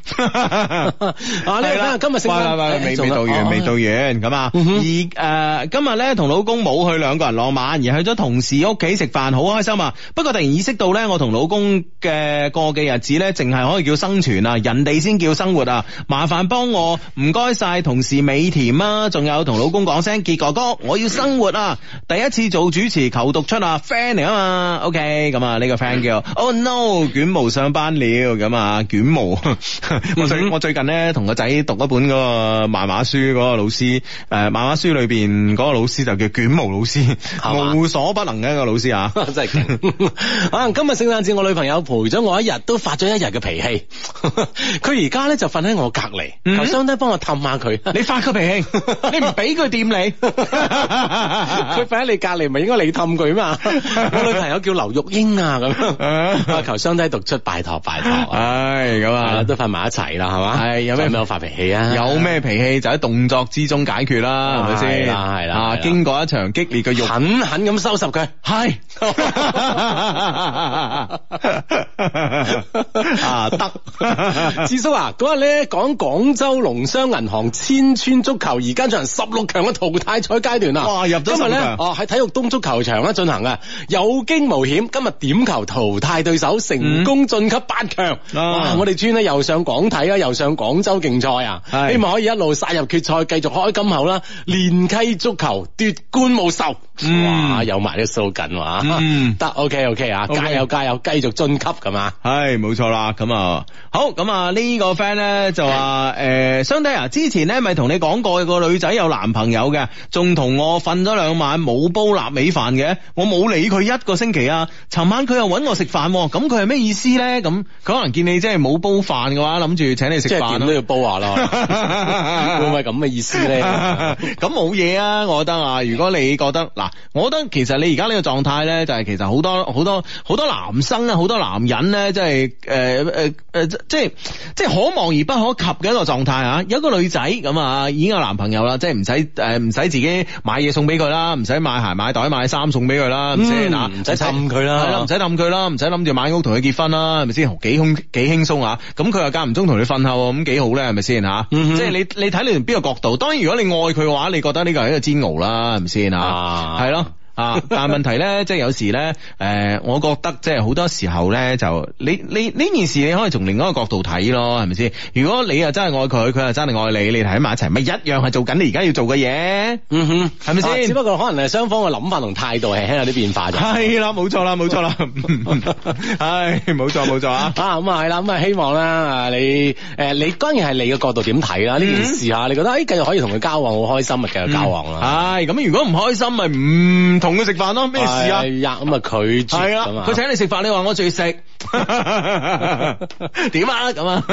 [laughs] 啦、 [laughs] 啊，今日食飯未？未讀完，未到完咁啊。而誒、呃，今日咧同老公冇去兩個人浪漫，而去咗同事屋企食飯，好開心啊！不過突然意識到咧，我同老公嘅過嘅日子咧，淨係可以叫生存啊，人哋先叫生活啊！麻煩幫我唔該晒同事美甜啊，仲有同老公講聲杰哥哥，我要生活啊！嗯、第一次做主持求讀出啊 Fanny 啊嘛，OK 咁啊，呢、okay，啊這個 friend 叫、嗯。Oh no，捲毛上班了咁啊，捲毛， [laughs] 我，最嗯、我最近。咧同個仔讀一本嗰個漫畫書，嗰、那個老師誒，漫、呃、畫書裏邊嗰個老師就叫捲毛老師，無所不能嘅一、那個老師啊！ [laughs] 真係啊假！ [laughs] 今日聖誕節，我女朋友陪咗我一日，都發咗一日嘅脾氣。佢而家咧就瞓喺我隔籬、嗯，求相弟幫我氹下佢。你發個脾氣， [laughs] 你唔俾佢掂你，佢瞓喺你隔籬，咪應該你氹佢啊嘛？ [laughs] 我女朋友叫劉玉英啊，咁啊， [laughs] [laughs] 求相弟讀出，拜託拜託。唉、哎、咁、啊、都瞓埋一齊啦，係嘛？有咩咁樣發脾氣啊？有咩脾氣就喺動作之中解決啦，係咪先？係啦，係啦。經過一場激烈嘅肉，狠狠咁收拾佢，係啊得。智叔啊，嗰日咧講廣州農商銀行千村足球，而家進行十六強嘅淘汰賽階段啦。哇，入咗十六強哦！喺體育東足球場咧進行啊，有驚無險，今日點球淘汰對手，成功晉級八強。哇，我哋專咧又上廣體啊，又上廣。廣州競賽啊，希望可以一路殺入決賽，繼續開金口啦！連溪足球奪冠無愁、嗯，哇，有埋啲數緊喎，嗯，得，OK，OK OK, OK 啊、OK，加油加油，繼續晉級咁啊，係，冇錯啦，咁啊，好，咁啊呢個 friend 咧就話，誒，兄、欸、弟啊，之前咧咪同你講過個女仔有男朋友嘅，仲同我瞓咗兩晚冇煲臘味飯嘅，我冇理佢一個星期啊，尋晚佢又揾我食飯、啊，咁佢係咩意思咧？咁佢可能見你即係冇煲飯嘅話，諗住請你食飯。點都要煲下咯， [laughs] 會唔會咁嘅意思咧？咁冇嘢啊，我覺得啊，如果你覺得嗱，我覺得其實你而家呢個狀態咧，就係其實好多好多好多男生啊，好多男人咧，就是，即係誒誒誒，即係即係可望而不可及嘅一個狀態啊！有一個女仔咁啊，已經有男朋友啦，即係唔使誒唔使自己買嘢送俾佢啦，唔使買鞋買袋買衫送俾佢啦，唔使諗佢啦，係咯，唔使氹佢啦，唔使諗住買屋同佢結婚啦，係咪先？幾輕幾輕鬆啊！咁佢又間唔中同你瞓下。咁幾好咧，係咪先吓？即係你你睇你從邊個角度？當然，如果你愛佢嘅話，你覺得呢個係一個煎熬啦，係咪先啊？係咯。啊！但係問題咧，即係有時咧，誒，我覺得即係好多時候咧，就你你呢件事，你可以從另外一個角度睇咯，係咪先？如果你又真係愛佢，佢又真係愛你，你喺埋一齊，咪一樣係做緊你而家要做嘅嘢。嗯哼，係咪先？只不過可能係雙方嘅諗法同態度係輕有啲變化啫。係啦，冇錯啦，冇錯啦。係，冇錯冇錯啊！啊咁啊，係啦，咁啊，希望啦啊你誒你當然係你嘅角度點睇啦呢件事嚇？你覺得誒繼續可以同佢交往，好開心啊，繼續交往啦。係咁，如果唔開心，咪唔。同佢食飯咯，咩事啊？係、哎、呀，咁啊拒絕。係 [laughs] [laughs] 樣啊，佢請你食飯，你話我最食，點啊咁啊？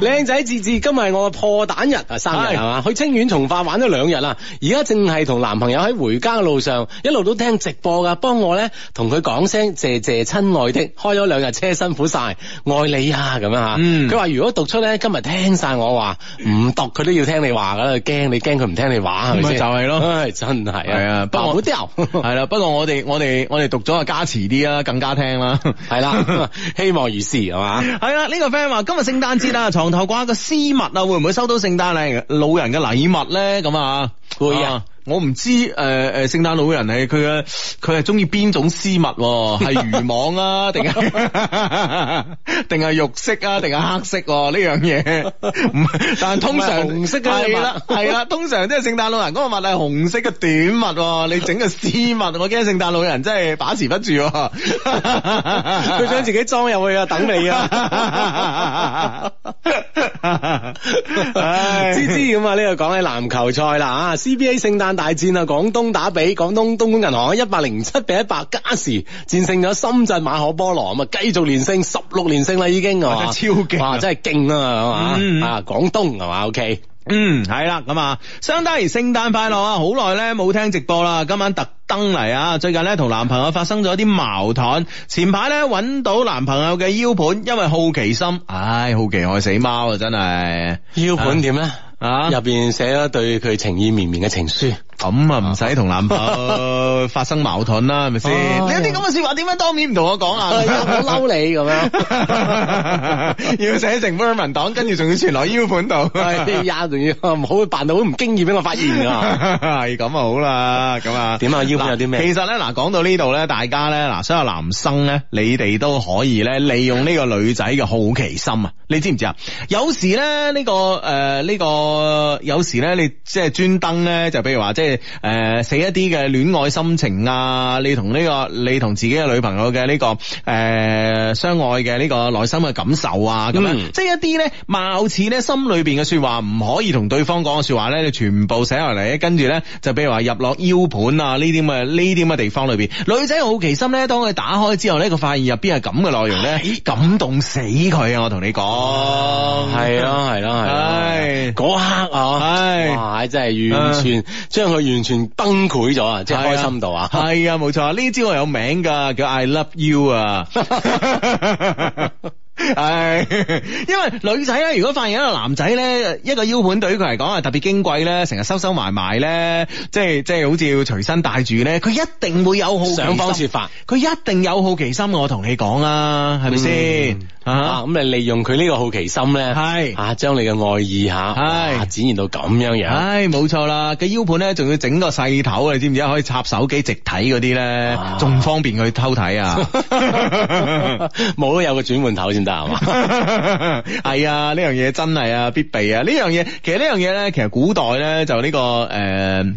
靚仔，自自今日我破蛋日啊，生日係嘛？去清遠從化玩咗兩日啦，而家淨係同男朋友喺回家嘅路上，一路都聽直播噶。幫我咧同佢講聲謝謝親愛的，開咗兩日車辛苦晒，愛你啊咁樣吓。佢、嗯、話如果讀出咧，今日聽晒我話，唔讀佢都要聽你話噶啦，驚你驚佢唔聽你話係咪就係、是、咯、哎，真係係啊，啊。係 [laughs] 啦，不過我哋我哋我哋讀咗啊，加持啲啦，更加聽啦，係啦， [laughs] [laughs] 希望如是係嘛？係啦，呢、這個 friend 話今日聖誕節啦，床頭掛一個絲襪啊，會唔會收到聖誕禮老人嘅禮物咧？咁啊，會啊。 [laughs] 我唔知誒誒，聖、呃、誕老人係佢嘅，佢係中意邊種絲襪？哦？係漁網啊，定係定係肉色啊，定係黑色呢樣嘢？唔係，但係通常紅色嘅係啦，係啦， [laughs] 通常即係聖誕老人個襪係紅色嘅短襪，你整個絲襪，我驚聖誕老人真係把持不住，啊，佢 [laughs] 想自己裝入去啊等你啊！知知咁啊，呢個講起籃球賽啦啊，C B A 聖誕。大戰啊！廣東打比，廣東東莞銀行一百零七比一百加時戰勝咗深圳馬可波羅，咁啊繼續連勝十六連勝啦已經，哇超勁，啊，真係勁啊，係嘛啊廣東係嘛 OK，嗯係啦咁啊，相當於聖誕快樂啊！好耐咧冇聽直播啦，今晚特登嚟啊！最近咧同男朋友發生咗啲矛盾，前排咧搵到男朋友嘅 U 盤，因為好奇心，唉、哎、好奇害死貓啊！真係 U 盤點咧？啊！入邊寫咗對佢情意綿綿嘅情書。咁啊，唔使同男朋友 [laughs] 發生矛盾啦，係咪先？你有啲咁嘅說話，點 [laughs] 樣當面唔同我講啊？有冇嬲你咁樣， [laughs] [laughs] 要寫成 word 文檔，跟住仲要傳落 U 盤度， [laughs] [laughs] [laughs] 哎呀，仲要唔好扮到好唔經意俾我發現 [laughs] [laughs] 啊！係咁啊，好啦，咁啊，點啊？U 盤有啲咩？其實咧，嗱，講到呢度咧，大家咧，嗱，所有男生咧，你哋都可以咧，利用呢個女仔嘅好奇心啊！你知唔知啊？有時咧，呢、這個誒，呢、呃這個有時咧，你即係專登咧，就比如話即係。誒、呃，寫一啲嘅戀愛心情啊，你同呢、這個你同自己嘅女朋友嘅呢、這個誒、呃、相愛嘅呢個內心嘅感受啊，咁、嗯、即係一啲咧，貌似咧心裏邊嘅說話唔可以同對方講嘅說話咧，你全部寫落嚟，跟住咧就比如話入落 U 盤啊呢啲咁呢啲咁嘅地方裏邊，女仔好奇心咧，當佢打開之後咧，佢發現入邊係咁嘅內容咧，感動死佢啊！我同你講，係咯係咯係，嗰刻啊，唉，哇，真係完全將。佢完全崩潰咗啊！即係開心到啊！係啊，冇錯啊，呢招我有名噶叫 I Love You 啊。 [laughs] [laughs] 係，因為女仔咧，如果發現一個男仔咧，一個 U 盤對於佢嚟講係特別矜貴咧，成日收收埋埋咧，即係即係好似要隨身帶住咧，佢一定會有好奇心。想方設法，佢一定有好奇心，我同你講啦，係咪先啊？咁你利用佢呢個好奇心咧，係啊，將你嘅愛意吓，係、啊、展現到咁樣樣。唉，冇錯啦，個 U 盤咧仲要整個細頭，你知唔知啊？可以插手機直睇嗰啲咧，仲、啊、方便佢偷睇啊！冇 [laughs] 都 [laughs] 有，有個轉換頭先。係 [laughs] [laughs] [laughs] 係啊，呢樣嘢真係啊，必備啊，呢樣嘢， [laughs] 其實呢樣嘢咧，其實古代咧 [laughs] 就呢、呢個誒。呃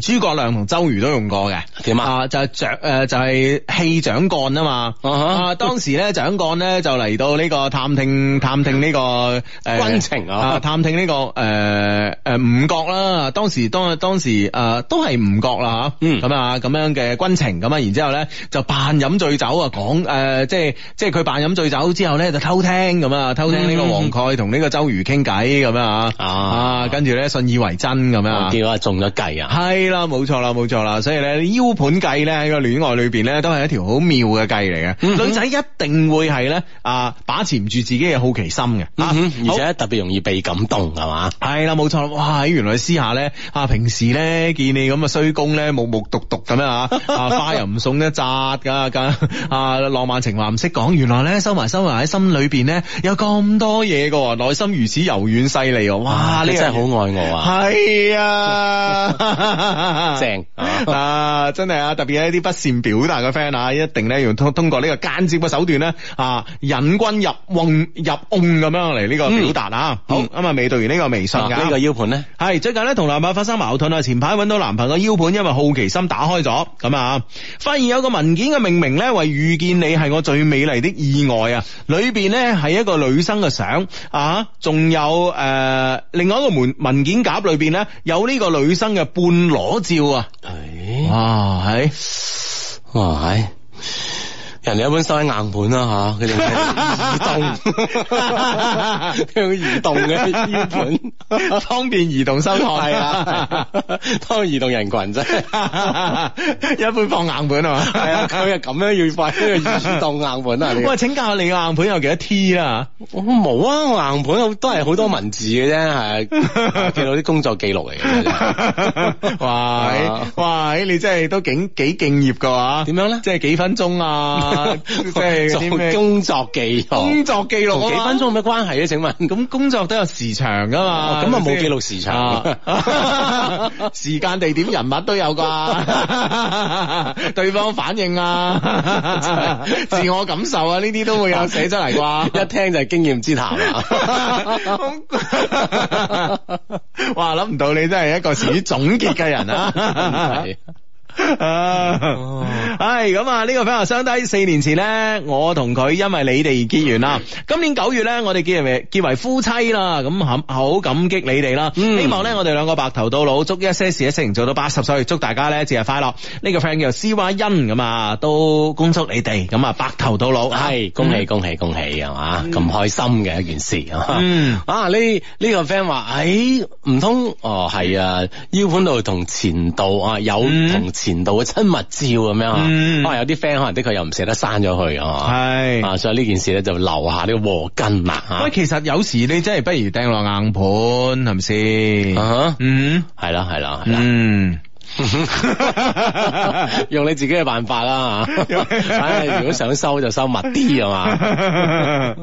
諸葛亮同周瑜都用過嘅，點啊？就係掌誒，就係氣蔣幹啊嘛。Uh-huh. 啊，當時咧，蔣幹呢，就嚟到呢個探聽探聽呢、這個、呃、軍情啊，啊探聽呢、這個誒誒吳國啦。當時當當時誒、呃、都係吳國啦吓。咁啊咁樣嘅軍情咁啊，然之後咧就扮飲醉酒啊，講誒、呃、即係即係佢扮飲醉酒之後咧就偷聽咁啊，偷聽呢個黃蓋同呢個周瑜傾偈咁樣啊。啊，跟住咧信以為真咁、啊 -huh. 樣，叫佢中咗計啊，係。啦，冇錯啦，冇錯啦，所以咧腰盤計咧喺個戀愛裏邊咧都係一條好妙嘅計嚟嘅。女仔一定會係咧啊，把持唔住自己嘅好奇心嘅、嗯，而且特別容易被感動，係嘛？係啦，冇錯。哇，喺原來私下咧啊，平時咧見你咁啊衰公咧，目目獨獨咁樣啊花又唔送一紮噶，啊， [laughs] 窄啊浪漫情話唔識講，原來咧收埋收埋喺心裏邊咧有咁多嘢噶，內心如此柔軟細膩，哇！啊、你真係好愛我啊，係啊。 [laughs] 正 [laughs] 啊，真係啊！特別係一啲不善表達嘅 friend 啊，一定咧要通通過呢個間接嘅手段咧啊，引君入瓮入瓮咁樣嚟呢個表達、嗯、啊。好咁啊，未讀完呢個微信，呢個 U 盤咧，係最近咧同男朋友發生矛盾啊。前排搵到男朋友嘅 U 盤，因為好奇心打開咗，咁啊，發現有一個文件嘅命名咧為遇見你係我最美麗的意外啊。裏邊呢係一個女生嘅相啊，仲有誒、呃、另外一個門文件夾裏邊呢，有呢個女生嘅半。攞照啊！哇，係哇，係。人哋一般收喺硬盤啦吓，佢哋移動， [laughs] 佢用移動嘅 U 盤，方便移動收台，方 [laughs] 便，啊啊啊、移動人群啫。 [laughs] 一般放硬盤啊嘛？係啊，佢又咁樣要放呢個移動硬盤啊？ [laughs] 喂，請教下你個硬盤有幾多 T 啊？冇啊，我硬盤都係好多文字嘅啫，係、啊、記錄啲工作記錄嚟嘅。 [laughs] 哇喂，哇，你真係都幾幾敬業噶吓，啊？點樣咧？即係幾分鐘啊？即係工作記錄，工作記錄幾分鐘有咩關係咧、啊？請問，咁工作都有時長噶嘛？咁啊冇記錄時長， [laughs] 時間、地點、人物都有啩？ [laughs] 對方反應啊， [laughs] 自我感受啊，呢啲都會有寫出嚟啩？ [laughs] 一聽就係經驗之談啦、啊！ [laughs] 哇，諗唔到你真係一個善於總結嘅人啊！啊，唉，咁啊，呢個 friend 話相抵四年前咧，我同佢因為你哋而結緣啦。今年九月咧，我哋結為結為夫妻啦。咁好感激你哋啦。希望咧，我哋兩個白頭到老，祝一些事一些情做到八十歲，祝大家咧節日快樂。呢個 friend 叫司華欣，咁啊，都恭祝你哋咁啊，白頭到老，係恭喜恭喜恭喜係嘛？咁開心嘅一件事啊。嗯，啊呢呢個 friend 話，唉，唔通哦係啊，腰盤度同前度啊有唔同。前度嘅親密照咁樣，可能，嗯，啊，有啲 friend 可能的確又唔捨得刪咗佢，係啊，所以呢件事咧就留下啲禍根啦。喂，其實有時你真係不如掟落硬盤，係咪先？啊，嗯，係啦，係啦，係啦。嗯 [laughs] 用你自己嘅辦法啦， [laughs] [laughs] 如果想收就收密啲啊嘛。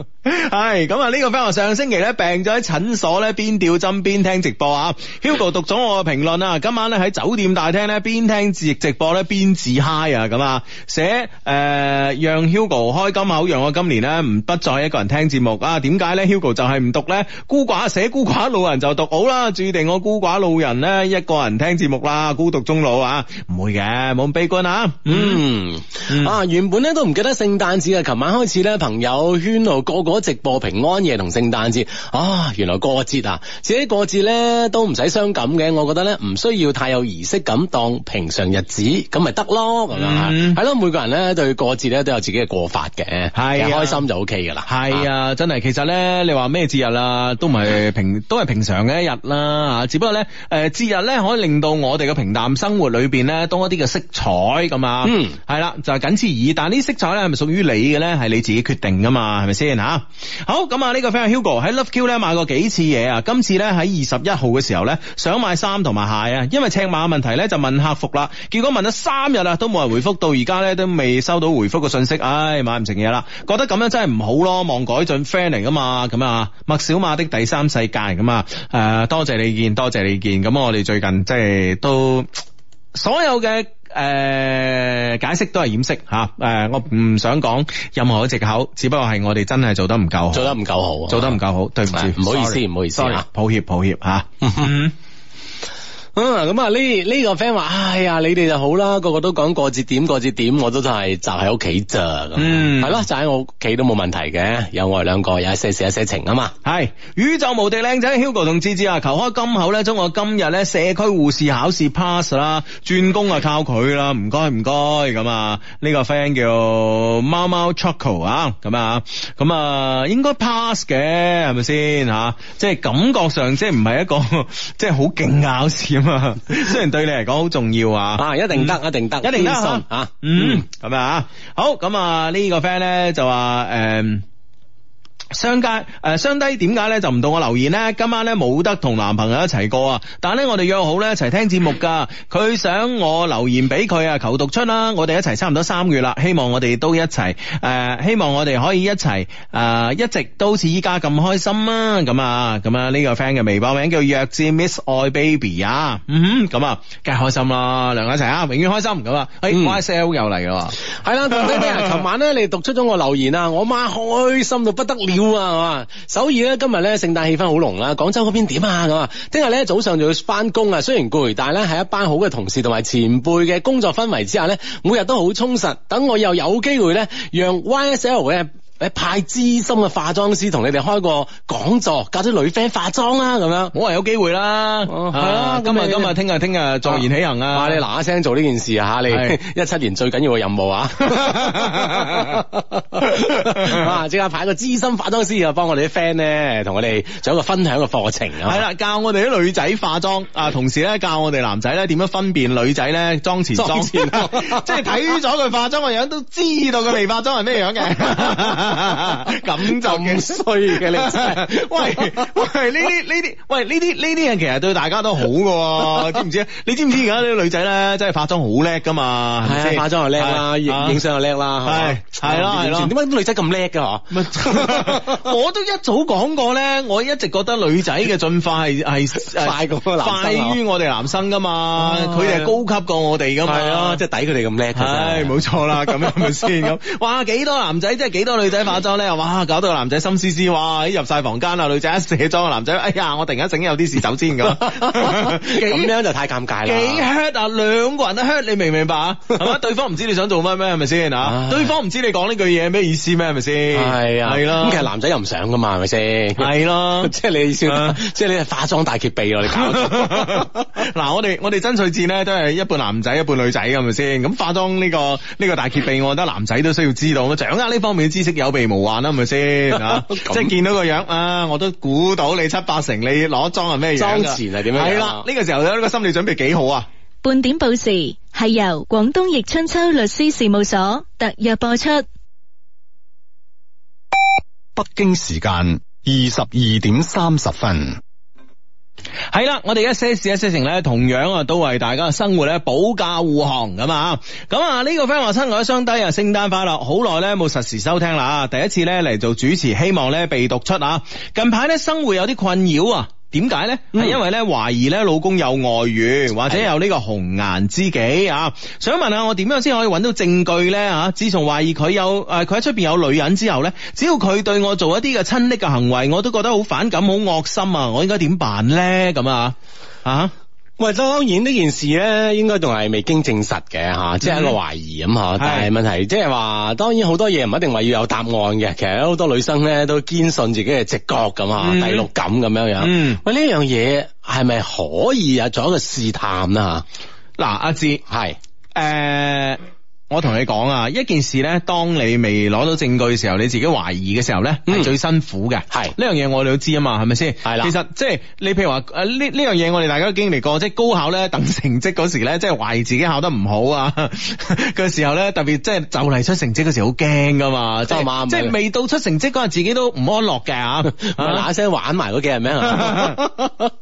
係咁啊，呢、這個 friend 上星期咧病咗喺診所咧，邊吊針邊聽直播啊。Hugo 讀咗我嘅評論啊，今晚咧喺酒店大廳咧邊聽自直播咧邊自嗨啊。咁啊，寫誒、呃、讓 Hugo 開金口，讓我今年咧唔不再一個人聽節目啊。點解咧 Hugo 就係唔讀咧？孤寡寫孤，孤寡老人就讀好啦，注定我孤寡老人咧一個人聽節目啦，孤獨。中老啊，唔會嘅，冇咁悲觀啊嗯。嗯，啊，原本咧都唔記得聖誕節啊。琴晚開始咧，朋友圈度個個直播平安夜同聖誕節啊。原來過節啊，自己過節咧都唔使傷感嘅。我覺得咧唔需要太有儀式感，當平常日子咁咪得咯。咁樣係咯，每個人咧對過節咧都有自己嘅過法嘅，係啊，開心就 O K 噶啦。係啊，啊，啊，真係，其實咧你話咩節日啊，都唔係平，啊，都係平常嘅一日啦，啊。只不過咧誒節日咧可以令到我哋嘅平淡。生活裡邊咧多一啲嘅色彩咁啊，係、嗯、啦就係僅此而已。但係呢色彩咧係咪屬於你嘅咧？係你自己決定噶嘛，係咪先吓？好咁啊，呢個 friend Hugo 喺 Love Q 咧買過幾次嘢啊，今次咧喺二十一號嘅時候咧想買衫同埋鞋啊，因為尺碼嘅問題咧就問客服啦，結果問咗三日啦都冇人回覆，到而家咧都未收到回覆嘅信息，唉買唔成嘢啦，覺得咁樣真係唔好咯，望改進 friend 嚟噶嘛，咁啊麥小馬的第三世界咁啊，誒多謝你見多謝你見，咁我哋最近即係都。所有嘅誒、呃、解釋都係掩飾吓誒，我唔想講任何嘅借口，只不過係我哋真係做得唔夠好，做得唔夠好，做得唔夠好，嗯、對唔住，唔好意思，唔好意思，抱歉，抱歉吓。嗯 [laughs] 嗯，咁啊呢呢個 friend 話，哎呀你哋就好啦，個個都講過節點過節點，我都真係、嗯、就喺屋企咋咁，係啦，就喺我屋企都冇問題嘅，有我哋兩個，有一些事一些情啊嘛，係宇宙無敵靚仔 Hugo 同芝芝啊，求開金口咧，將我今日咧社區護士考試 pass 啦，轉工啊靠佢啦，唔該唔該咁啊，呢、呢個 friend 叫貓貓 choco 啊，咁啊，咁啊應該 pass 嘅係咪先吓？即係感覺上即係唔係一個即係好勁考試。 [laughs] 雖然對你嚟講好重要啊，啊一定得，一定得，一定得啊，啊，嗯，咁啊、嗯係咪啊，好，咁啊呢個 friend 咧就話，誒、嗯。相、呃、低誒，雙低點解咧就唔到我留言咧？今晚咧冇得同男朋友一齊過啊，但係咧我哋約好咧一齊聽節目噶。佢想我留言俾佢啊，求讀出啦、啊。我哋一齊差唔多三月啦，希望我哋都一齊誒、呃，希望我哋可以一齊誒、呃，一直都似依家咁開心啦咁啊咁啊，呢、啊啊這個 friend 嘅微博名叫約志 Miss 愛 Baby 啊，嗯咁啊，梗係開心啦，兩個一齊啊，永遠開心咁啊。哎、嗯啊 [laughs] ，YSL 又嚟噶，係啦，阿啊，琴晚咧你讀出咗我留言啊，我媽開心到不得了。啊，首爾咧今日咧聖誕氣氛好濃啦，廣州嗰邊點啊咁啊？聽日咧早上就要翻工啊，雖然攰，但係咧係一班好嘅同事同埋前輩嘅工作氛圍之下咧，每日都好充實。等我又有機會咧，讓 YSL 嘅。誒，派資深嘅化妝師同你哋開個講座，教啲女 friend 化妝啦，啊，咁樣，冇話有機會啦，係、啊、啦、啊，今日今日聽日聽日壯言起行啊，啊你嗱一聲做呢件事吓，啊，你一七年最緊要嘅任務啊，哇， [laughs] 啊，即刻派個資深化妝師啊，幫我哋啲 friend 咧，同我哋做一個分享嘅課程啊，係啦，教我哋啲女仔化妝啊，同時咧教我哋男仔咧點樣分辨女仔咧妝前妝，前啊， [laughs] [laughs] 即係睇咗佢化妝嘅樣，都知道佢未化妝係咩樣嘅。 [laughs] 咁 [laughs] 就咁衰嘅你真係，喂喂呢啲呢啲，喂呢啲呢啲人其實對大家都好嘅、啊，知唔知道你知唔知而家啲女仔咧，真係化妝好叻噶嘛？係、 [laughs] 嗯嗯啊、化妝又叻啦，影、嗯嗯、相又叻啦，係係咯係咯。點解啲女仔咁叻嘅？我都一早講過咧，我一直覺得女仔嘅進化係係快過快於我哋男生噶嘛，佢 [laughs] 哋、啊、係高級過我哋噶嘛，即係抵佢哋咁叻嘅。唉、啊，冇錯啦，咁樣咪先咁？哇，幾多男仔即係幾多女？女仔化妝咧，哇！搞到個男仔心思思，哇！入晒房間啊，女仔一卸妝，男仔哎呀，我突然間整有啲事走先咁，咁 [laughs] 樣就太尷尬啦。幾 hurt 啊，兩個人都 hurt，你明唔明白啊？係 [laughs] 嘛，對方唔知你想做乜咩，係咪先啊？對方唔知你講呢句嘢咩意思咩，係咪先？係啊，係咯、啊。咁其實男仔又唔想噶嘛，係咪先？係咯、啊，即係、啊就是、你意思？即、啊、係、就是、你化妝大揭秘我你嗱， [laughs] [laughs] 我哋我哋真趣戰咧都係一半男仔一半女仔嘅，咪先？咁化妝呢、這個呢、這個大揭秘， [laughs] 我覺得男仔都需要知道，掌握呢方面嘅知識。有備無患啦，係咪先吓？ [laughs] 即係見到個樣， [laughs] 我都估到你七八成，你攞裝係咩樣？裝前係點樣？係啦，呢、呢個時候有呢個心理準備幾好啊！半點報時係由廣東易春秋律師事務所特約播出。北京時間二十二點三十分。係啦，我哋一些事一些情咧，同樣啊都為大家嘅生活咧保駕護航咁啊！咁啊呢個 friend 話親愛雙低啊，聖誕快樂！好耐咧冇實時收聽啦，第一次咧嚟做主持，希望咧被讀出啊！近排咧生活有啲困擾啊！點解呢？係因為咧，懷疑咧老公有外遇或者有呢個紅顏知己啊！想問下我點樣先可以揾到證據呢？吓，自從懷疑佢有誒，佢喺,出邊有女人之後咧，只要佢對我做一啲嘅親昵嘅行為，我都覺得好反感、好噁心啊！我應該點辦呢？咁啊啊！喂，當然呢件事咧，應該仲係未經證實嘅吓，即係一個懷疑咁吓、嗯。但係問題即係話，當然好多嘢唔一定話要有答案嘅。其實好多女生咧都堅信自己嘅直覺咁、嗯、第六感咁樣樣。嗯，喂，呢樣嘢係咪可以啊？做一個試探啊？嗱、啊，阿志係誒。呃我同你講啊，一件事咧，當你未攞到證據嘅時候，你自己懷疑嘅時候咧，係、嗯、最辛苦嘅。係呢樣嘢，這件事我哋都知啊嘛，係咪先？係啦。其實即係你譬如話誒，呢呢樣嘢我哋大家都經歷過，即係高考咧等成績嗰時咧，即係懷疑自己考得唔好啊嘅、嗯、時候咧，特別即係就嚟出成績嗰時好驚噶嘛，嗯就是嗯、即係即係未到出成績嗰日自己都唔安樂嘅啊，嗱一聲玩埋嗰幾日咩？咁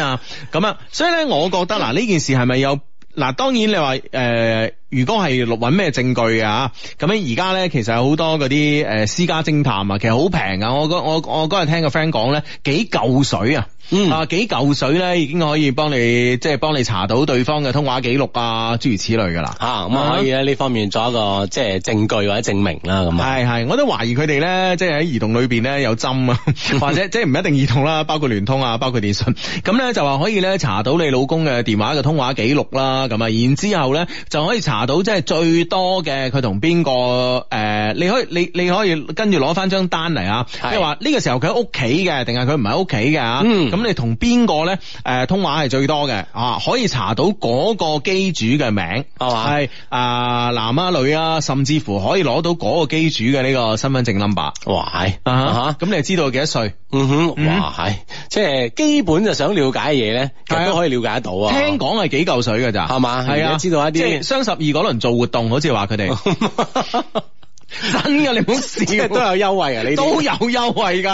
樣咁啊，所以咧，我覺得嗱呢、嗯啊、件事係咪有嗱、啊？當然你話誒。呃如果係六揾咩證據啊？咁樣而家咧，其實有好多嗰啲誒私家偵探啊，其實好平啊！我嗰我我嗰日聽個 friend 講咧，幾嚿水啊，啊、嗯、幾嚿水咧已經可以幫你即係、就是、幫你查到對方嘅通話記錄啊，諸如此類㗎啦嚇，咁啊可以喺呢方面做一個即係、就是、證據或者證明啦咁啊。係係，我都懷疑佢哋咧，即係喺移動裏邊咧有針啊， [laughs] 或者即係唔一定移動啦，包括聯通啊，包括電信咁咧 [laughs] 就話可以咧查到你老公嘅電話嘅通話記錄啦，咁啊然之後咧就可以查。查到即係最多嘅，佢同邊個？誒、呃，你可以你你可以跟住攞翻張單嚟啊！即係話呢個時候佢喺屋企嘅，定係佢唔喺屋企嘅啊？咁、嗯、你同邊個咧？誒、呃，通話係最多嘅啊！可以查到嗰個機主嘅名係嘛？係啊，男啊、呃、女啊，甚至乎可以攞到嗰個機主嘅呢個身份證 number。哇！咁、啊啊、你知道幾多歲、嗯？哇！係、嗯、即係基本就想了解嘅嘢咧，其實都可以了解得到啊！聽講係幾嚿水㗎咋？係嘛？係啊，你知道一啲即係雙十二。可能做活動好似話，佢哋。真嘅，你唔好笑， [laughs] 都有優，都有優惠啊！你都有優惠噶，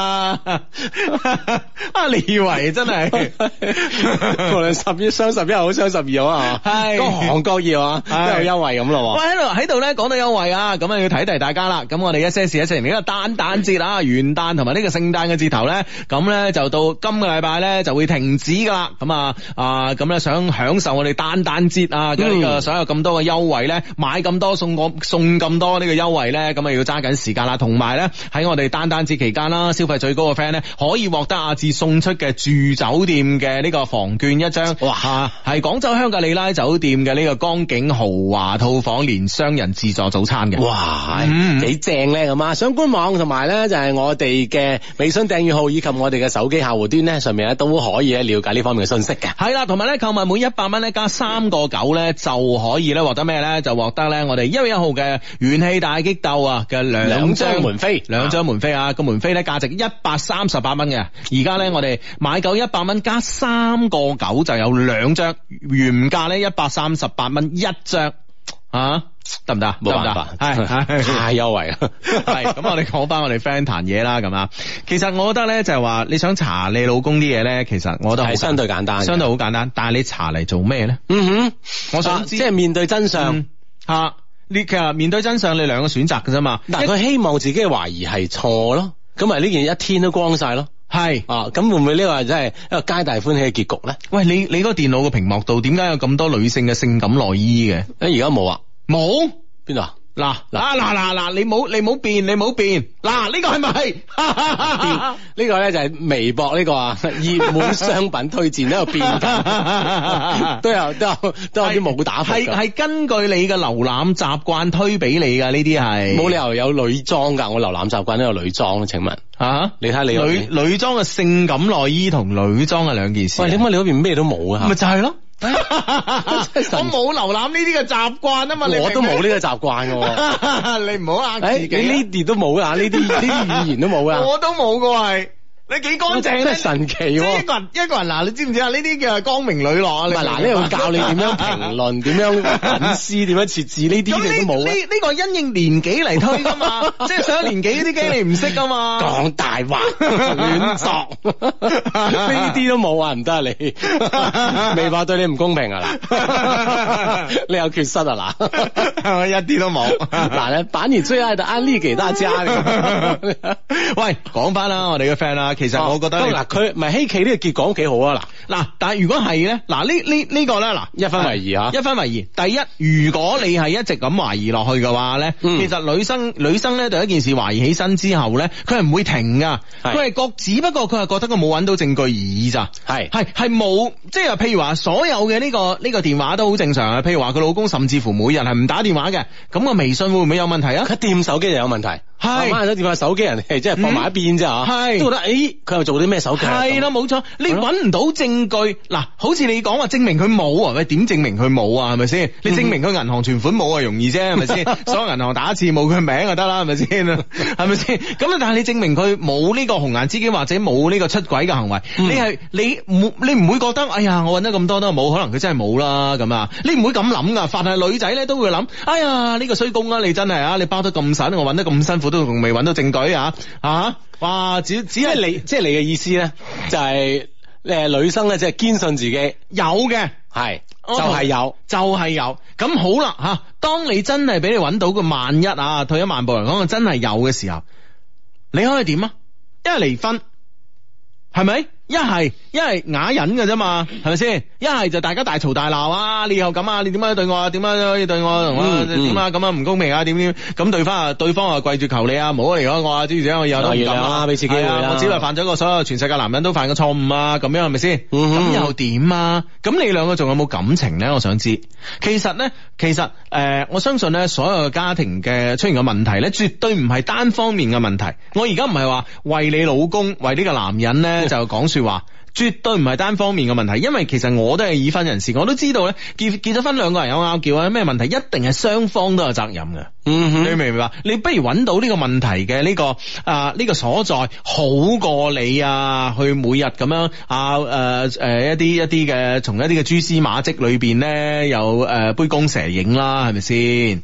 啊你以為真係？ [laughs] [laughs] 無論十月雙十一又好，雙十,十二又好啊，係各行各業啊，都有優惠咁咯。喂喺度，喺度咧，講到優惠啊，咁啊要提提大家啦。咁我哋一些事一些情呢個單單節啊，元旦同埋呢個聖誕嘅節頭咧，咁咧就到今個禮拜咧就會停止噶啦。咁啊啊咁咧想享受我哋單單節啊嘅呢個所有咁多嘅優惠咧，買咁多送我送咁多呢個優惠咧。咁啊要揸緊時間啦，同埋咧喺我哋聖誕節期間啦，消費最高嘅 friend 咧可以獲得阿志送出嘅住酒店嘅呢個房券一張。哇，係廣州香格里拉酒店嘅呢個江景豪華套房連雙人自助早餐嘅。哇，係、嗯、幾正咧咁啊！上官網同埋咧就係我哋嘅微信訂閱號以及我哋嘅手機客戶端咧上面咧都可以咧了解呢方面嘅信息嘅。係啦，同埋咧購物每一百蚊咧加三個九咧就可以咧獲得咩咧就獲得咧我哋一月一號嘅元氣大激動夠啊嘅兩張門飛，啊、兩張門飛啊！個門飛咧價值一百三十八蚊嘅，而家咧我哋買夠一百蚊加三個九就有兩張，原價咧一百三十八蚊一張啊，得唔得？冇辦法，係太優惠啦。係 [laughs] 咁， [laughs] 我哋講翻我哋 friend 談嘢啦，咁啊，其實我覺得咧就係話你想查你老公啲嘢咧，其實我都係相對簡單，相對好簡單，但係你查嚟做咩咧？嗯哼，我想、啊、即係面對真相吓。嗯啊你其實面對真相，你兩個選擇嘅啫嘛。但係，佢希望自己懷疑係錯咯，咁咪呢件一天都光晒咯。係啊，咁會唔會呢個真係一個皆大歡喜嘅結局咧？喂，你你個電腦嘅屏幕度點解有咁多女性嘅性感內衣嘅？誒，而家冇啊，冇邊度啊？嗱嗱嗱嗱嗱，你冇你冇變，你冇變。嗱呢，這個係咪？變 [laughs] 呢個咧就係微博呢，這個啊，熱門商品推薦都有變噶， [laughs] [laughs] 都有都有都有啲冇打。係係根據你嘅瀏覽習慣推俾你噶呢啲係。冇、嗯、理由有女裝噶，我瀏覽習慣都有女裝。請問啊？你睇下你女女裝嘅性感內衣同女裝嘅兩件事。喂，點解你嗰邊咩都冇啊？咪就係、是、咯。 [laughs] 我冇瀏覽呢啲嘅習慣啊嘛，你，我都冇呢個習慣噶，你唔好呃自己。 [laughs] 你呢啲都冇噶，呢啲呢啲語言都冇噶，我都冇噶係。你幾乾淨？真神奇喎、哦！一個人一個人嗱，你知唔知啊？呢啲叫光明磊落啊！嗱，呢度教你點樣評論，點 [laughs] 樣隱認私，點 [laughs] 樣設置呢啲你都冇。呢呢、呢個因應年紀嚟推噶嘛，即係上年紀嗰啲機你唔識噶嘛。講大話，亂作呢啲都冇啊！唔得、啊，你未怕 [laughs] 對你唔公平啊？嗱， [laughs] [laughs] 你有缺失啊？嗱， [laughs] [laughs] [laughs] 一啲都冇。嗱，反而最愛的案例給大家。喂、啊，講翻啦，我哋嘅 friend 啦。其實我覺得嗱，佢唔係希奇，呢個結果都幾好啊！嗱嗱，但係如果係咧，嗱呢呢呢個咧，嗱，一分為二、啊、一分為二。第一，如果你係一直咁懷疑落去嘅話咧、嗯，其實女生女生咧對一件事懷疑起身之後咧，佢係唔會停噶佢係覺只不過佢係覺得佢冇揾到證據而已咋。係係係冇，即係譬如話所有嘅呢個呢個電話都好正常啊。譬如話佢老公甚至乎每日係唔打電話嘅，咁個微信會唔會有問題啊？佢掂手機就有問題。係，阿媽電話手機，人係即係放埋一邊啫嗬，係、嗯、都覺得，誒、欸，佢又做啲咩手機？係啦，冇錯，你搵唔到證據，嗱，好似你講話證明佢冇，你點證明佢冇啊？係咪先？你證明佢銀行存款冇啊，容易啫，係咪先？ [laughs] 所有銀行打字冇佢名就得啦，係咪先？係咪先？咁但係你證明佢冇呢個紅顏知己或者冇呢個出軌嘅行為，你係你唔，你唔會覺得，哎呀，我搵得咁多都冇可能，佢真係冇啦咁啊？你唔會咁諗噶，凡係女仔咧都會諗，哎呀，呢、這個衰公啊，你真係啊，你包得咁神，我搵得咁辛苦。我都仲未揾到證據啊！啊，哇！只只係你，即係你嘅意思咧，就係、是、誒、呃，女生咧即係堅信自己有嘅，係就係、是、有，就係、是、有。咁好啦，吓、啊，當你真係俾你揾到個萬一啊，退一萬步嚟講，真係有嘅時候，你可以點啊？因為離婚係咪？一係一係啞忍嘅啫嘛，係咪先？一係就大家大嘈大鬧啊！你又咁啊，你點樣對我啊？點樣可以對我同啊？點啊咁啊唔公平啊？點點咁對方啊？對方啊跪住求你啊，唔好離開我啊！諸如此類，我以後都唔敢啦，啊，俾自己啊。我只係犯咗個所有全世界男人都犯嘅錯誤啊！咁樣係咪先？咁，嗯，又點啊？咁你兩個仲有冇感情咧？我想知。其實咧，其實誒、呃，我相信咧，所有家庭嘅出現嘅問題咧，絕對唔係單方面嘅問題。我而家唔係話為你老公，為呢個男人咧就講。 [laughs] 話絕對唔係單方面嘅問題，因為其實我都係已婚人士，我都知道咧結結咗婚兩個人有拗撬啊，咩問題一定係雙方都有責任嘅。嗯哼，你明唔明白？你不如揾到呢個問題嘅呢、這個啊呢、這個所在，好過你啊去每日咁樣啊誒誒、啊呃呃呃呃、一啲一啲嘅從一啲嘅蛛絲馬迹裏邊咧有誒、呃呃、杯弓蛇影啦，係咪先？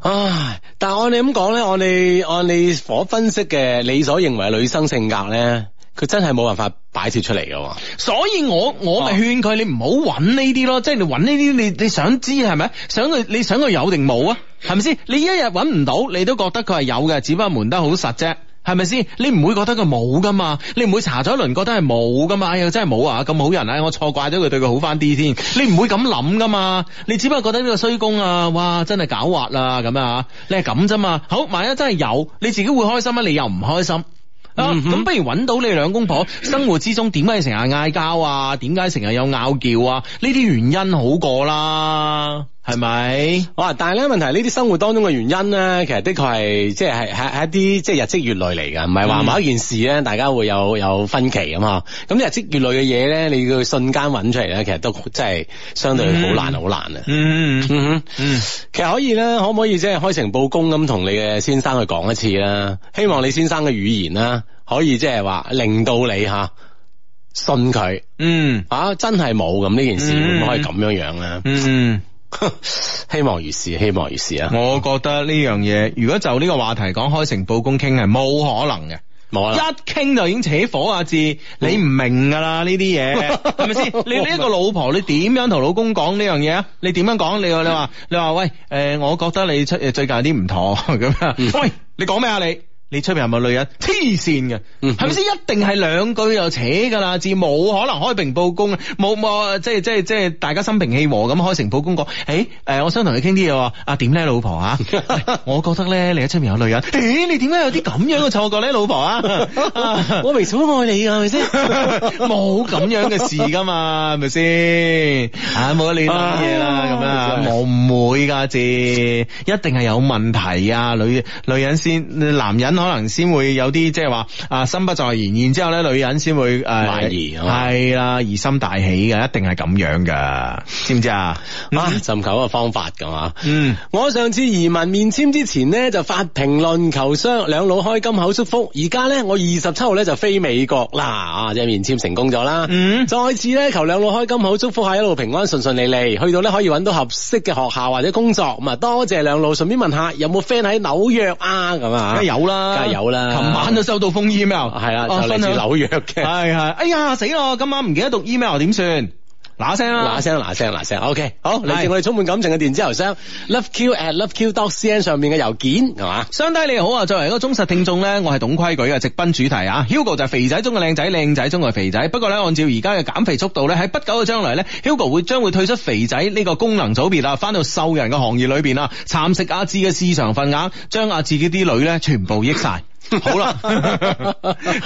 唉、啊，但係按你咁講咧，我哋按你所分析嘅，你所認為女生性格咧？佢真係冇辦法擺設出嚟喎。所以我我咪勸佢，你唔好搵呢啲咯。即係你搵呢啲，你你想知係咪？想佢你想佢有定冇啊？係咪先？你一日搵唔到，你都覺得佢係有嘅，只不過瞞得好實啫，係咪先？你唔會覺得佢冇噶嘛？你唔會查咗一輪覺得係冇噶嘛？哎呀，真係冇啊！咁好人啊、哎，我錯怪咗佢，對佢好翻啲先。你唔會咁諗噶嘛？你只不過覺得呢個衰公啊，哇，真係狡猾啦、啊、咁啊！你係咁啫嘛。好，萬一真係有，你自己會開心啊？你又唔開心？咁、啊，不如揾到你兩公婆，生活之中點解成日嗌交啊？點解成日有拗撬啊？呢啲原因好過啦。係咪？哇！但係咧，問題係呢啲生活當中嘅原因咧，其實的確係即係係係係一啲即係日積月累嚟噶，唔係話某一件事咧，嗯，大家會有有分歧咁嗬。咁日積月累嘅嘢咧，你要瞬間揾出嚟咧，其實都真係相對好難好難啊。嗯嗯嗯嗯。其實可以咧，可唔可以即係開誠布公咁同你嘅先生去講一次啦？希望你先生嘅語言啦，可以即係話令到你吓信佢。嗯。啊，真係冇咁呢件事，可唔可以咁樣樣咧？嗯。 [laughs] 希望如是，希望如是啊！我覺得呢樣嘢， [laughs] 如果就呢個話題講開誠布公傾係冇可能嘅，冇啦，一傾就已經扯火啊！字 [laughs] 你唔明噶啦呢啲嘢，係咪先？你呢個老婆你點樣同老公講呢樣嘢啊？你點樣講？你說你話你話喂，誒，我覺得你出最近有啲唔妥咁啊！樣 [laughs] 喂，你講咩啊你？你出面係咪女人黐線嘅？係咪先？一定係兩句又扯噶啦，至冇可能開屏報功啊！冇冇，即係即係即係，大家心平氣和咁開誠報功講。誒，誒，我想同你傾啲嘢。啊點咧，老婆啊，我覺得咧你喺出面有女人。咦，你點解有啲咁樣嘅錯覺咧，老婆啊？我未想愛你啊，係咪先？冇咁樣嘅事噶嘛，係咪先？啊，冇得你諗嘢啦，咁樣，我唔會噶，至一定係有問題啊，女女人先，男人。可能先會有啲即係話心不在焉，然之後咧，女人先會誒懷疑係啦，疑心大起嘅，一定係咁樣噶，知唔知啊？啊、嗯，尋求一個方法㗎嘛。嗯，我上次移民面簽之前呢，就發評論求商兩老開金口祝福，而家咧，我二十七號咧就飛美國啦啊，即係面簽成功咗啦。嗯，再次咧求兩老開金口祝福一下一路平安順順利利，去到咧可以揾到合適嘅學校或者工作。咁啊，多謝兩老，順便問下有冇 friend 喺紐約啊？咁啊，梗有啦。梗係有啦，琴晚都收到封 email，係啦，就嚟、啊、自紐約嘅，係、啊、係，哎呀死咯，今晚唔記得讀 email 點算？嗱聲啦，嗱聲嗱聲嗱聲，OK 好你接我哋充滿感情嘅電子郵箱，love q at love q dot cn 上面嘅郵件係嘛？雙低你好啊，作為一個忠實聽眾咧，我係懂規矩嘅，直奔主題啊。Hugo 就係肥仔中嘅靚仔，靚仔中嘅肥仔。不過咧，按照而家嘅減肥速度咧，喺不久嘅將來咧，Hugo 會將會退出肥仔呢個功能組別啊，翻到瘦人嘅行業裏邊啊，蠶食阿芝嘅市場份額，將阿芝嘅啲女咧全部益晒。 [laughs] 好啦，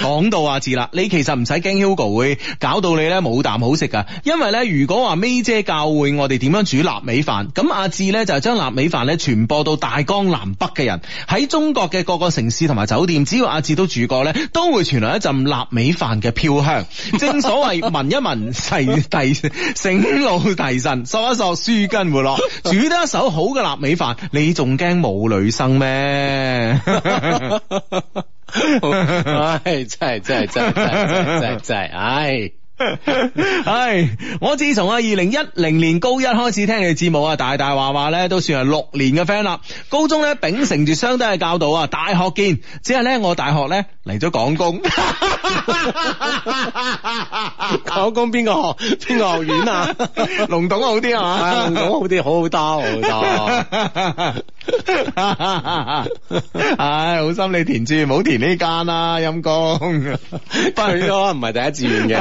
講到阿志啦，你其實唔使驚 Hugo 會搞到你咧冇啖好食噶因為咧，如果話咪姐教會我哋點樣煮臘味飯，咁阿志咧就將臘味飯咧傳播到大江南北嘅人，喺中國嘅各個城市同埋酒店，只要阿志都住過咧，都會傳來一陣臘味飯嘅飄香。正所謂聞一聞提提醒腦提神，索一索舒筋活絡，煮得一手好嘅臘味飯，你仲驚冇女生咩？ [laughs] 唉、 [laughs] 哎，真係真係真係真真真係唉唉！我自從啊二零一零年高一開始聽你節目啊，大大話話咧都算係六年嘅 friend 啦。高中咧秉承住相低嘅教導啊，大學見。只係咧我大學咧。嚟咗港工，港工邊個學邊個學院啊？龍洞好啲啊嘛？龍洞好啲，好好多好多。唉，好心你填志願，唔好填呢間啦，陰公，不然都唔係第一志願嘅，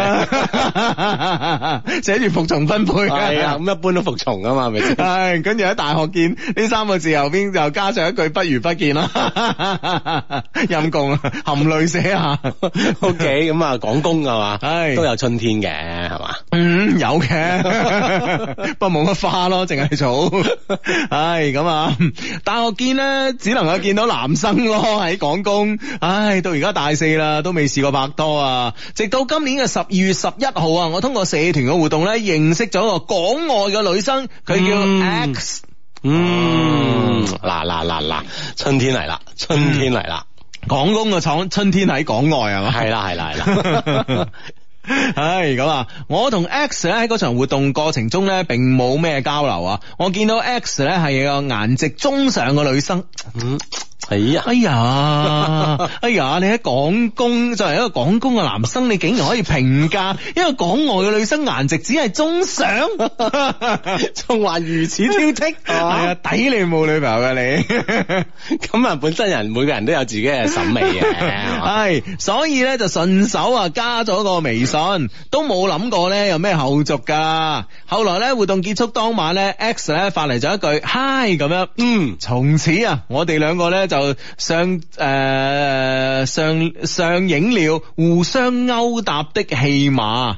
寫住服從分配。係啊，咁一般都服從啊嘛，係咪先？唉，跟住喺大學見呢三個字後邊就加上一句，不如不見啦，陰公，含淚。佢寫下 OK 咁啊，廣工噶嘛，唉， [laughs] 都有春天嘅係嘛？嗯，有嘅，不過冇乜花咯，淨係 [laughs] 是草，唉、 [laughs] [laughs] 哎，咁啊，但我見咧，只能夠見到男生咯喺廣工，唉、哎，到而家大四啦，都未試過拍拖啊，直到今年嘅十二月十一號啊，我通過社團嘅活動咧，認識咗個港外嘅女生，佢、嗯、叫 X，嗯，嗱嗱嗱嗱，春天嚟啦，春天嚟啦。嗯。港工嘅廠春天喺港外啊，係啦係啦係啦，唉咁啊，我同 X 咧喺嗰場活動過程中咧，並冇咩交流啊，我見到 X 咧係個顏值中上嘅女生。嗯。哎呀，哎呀，哎呀，你喺廣工作為一個廣工嘅男生，你竟然可以評價一個港外嘅女生顏值只係中上，仲 [laughs] 話如此挑剔，係 [laughs] 啊、哎呀，抵 [laughs] 你冇女朋友噶你。咁啊，本身人每個人都有自己嘅審美嘅，係、 [laughs] 哎，所以咧就順手啊加咗個微信，都冇諗過咧有咩後續噶。後來咧活動結束當晚咧，X 咧發嚟咗一句 Hi 咁樣，嗯，從此啊，我哋兩個咧就。就上誒、呃、上上映了，互相勾搭的戲碼，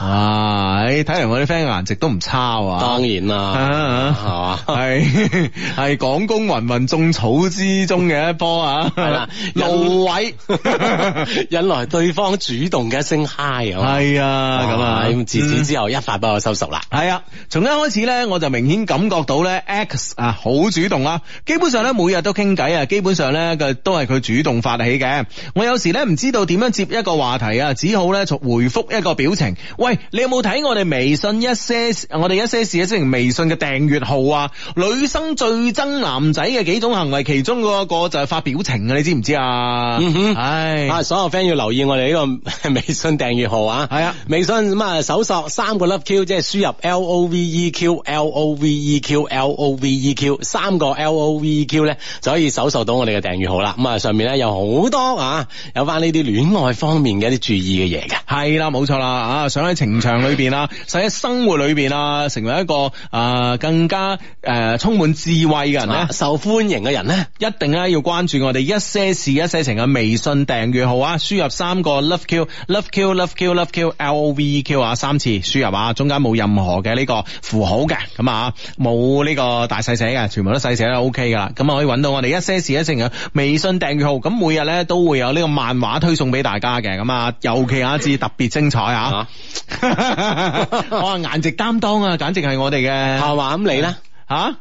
唉睇嚟我啲 friend 顏值都唔差啊！當然啦，係、啊、嘛，係、啊、係、啊、 [laughs] 廣工芸芸眾草之中嘅一樖啊，係 [laughs] 啦，露引位 [laughs] 引來對方主動嘅一聲 hi，係啊，咁啊，啊，自此之後、嗯、一發不可收拾啦。係啊，從一開始咧，我就明顯感覺到咧，X 啊好主動啦，基本上咧每日都傾偈啊。基本上咧，嘅都係佢主動發起嘅。我有時咧唔知道點樣接一個話題啊，只好咧從回復一個表情。喂，你有冇睇我哋微信一些我哋一些事啊？即係微信嘅訂閱號啊！女生最憎男仔嘅幾種行為，其中嗰個就係發表情啊！你知唔知啊？嗯哼，唉，所有 friend 要留意我哋呢個微信訂閱號啊！係啊，微信咁啊，搜索三個 love q，即係輸入 love q love q love q，三個 love q 咧就可以搜索。到我哋嘅訂閱號啦，咁啊上面咧有好多啊，有翻呢啲戀愛方面嘅一啲注意嘅嘢嘅，係啦，冇錯啦啊，想喺情場裏邊啊，想 [laughs] 喺生活裏邊啊，成為一個啊、呃、更加誒、呃、充滿智慧嘅人咧，受歡迎嘅人咧，一定咧要關注我哋一些事一些情嘅微信訂閱號啊，輸入三個 love q love q love q love q l o v e q 啊三次，輸入啊，中間冇任何嘅呢個符號嘅，咁啊冇呢、啊、個大細寫嘅，全部都細寫都 OK 噶啦，咁啊可以搵到我哋一些事。一微信訂閱號，咁每日咧都會有呢個漫畫推送俾大家嘅，咁啊尤其啊字特別精彩啊！我係顏值擔當啊，簡直係我哋嘅係嘛？咁你咧吓、啊、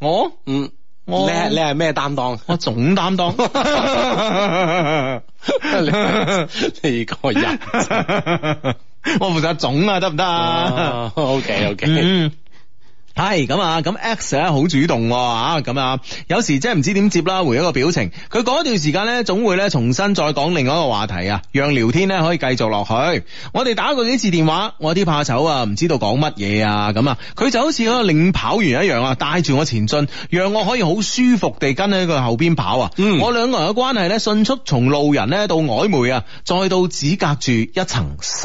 我嗯，叻你係咩擔當？我總擔當， [laughs] [laughs] 你個個人， [laughs] 我負責總啊得唔得？OK OK。嗯係咁啊，咁 X 咧好主動喎，咁啊，有時即係唔知點接啦，回一個表情。佢嗰段時間呢，總會呢重新再講另外一個話題啊，讓聊天呢可以繼續落去。我哋打過幾次電話，我啲怕醜啊，唔知道講乜嘢啊，咁啊，佢就好似個領跑員一樣啊，帶住我前進，讓我可以好舒服地跟喺佢後邊跑啊、嗯。我兩個人嘅關係呢，迅速從路人呢到曖昧啊，再到只隔住一層紗。誒、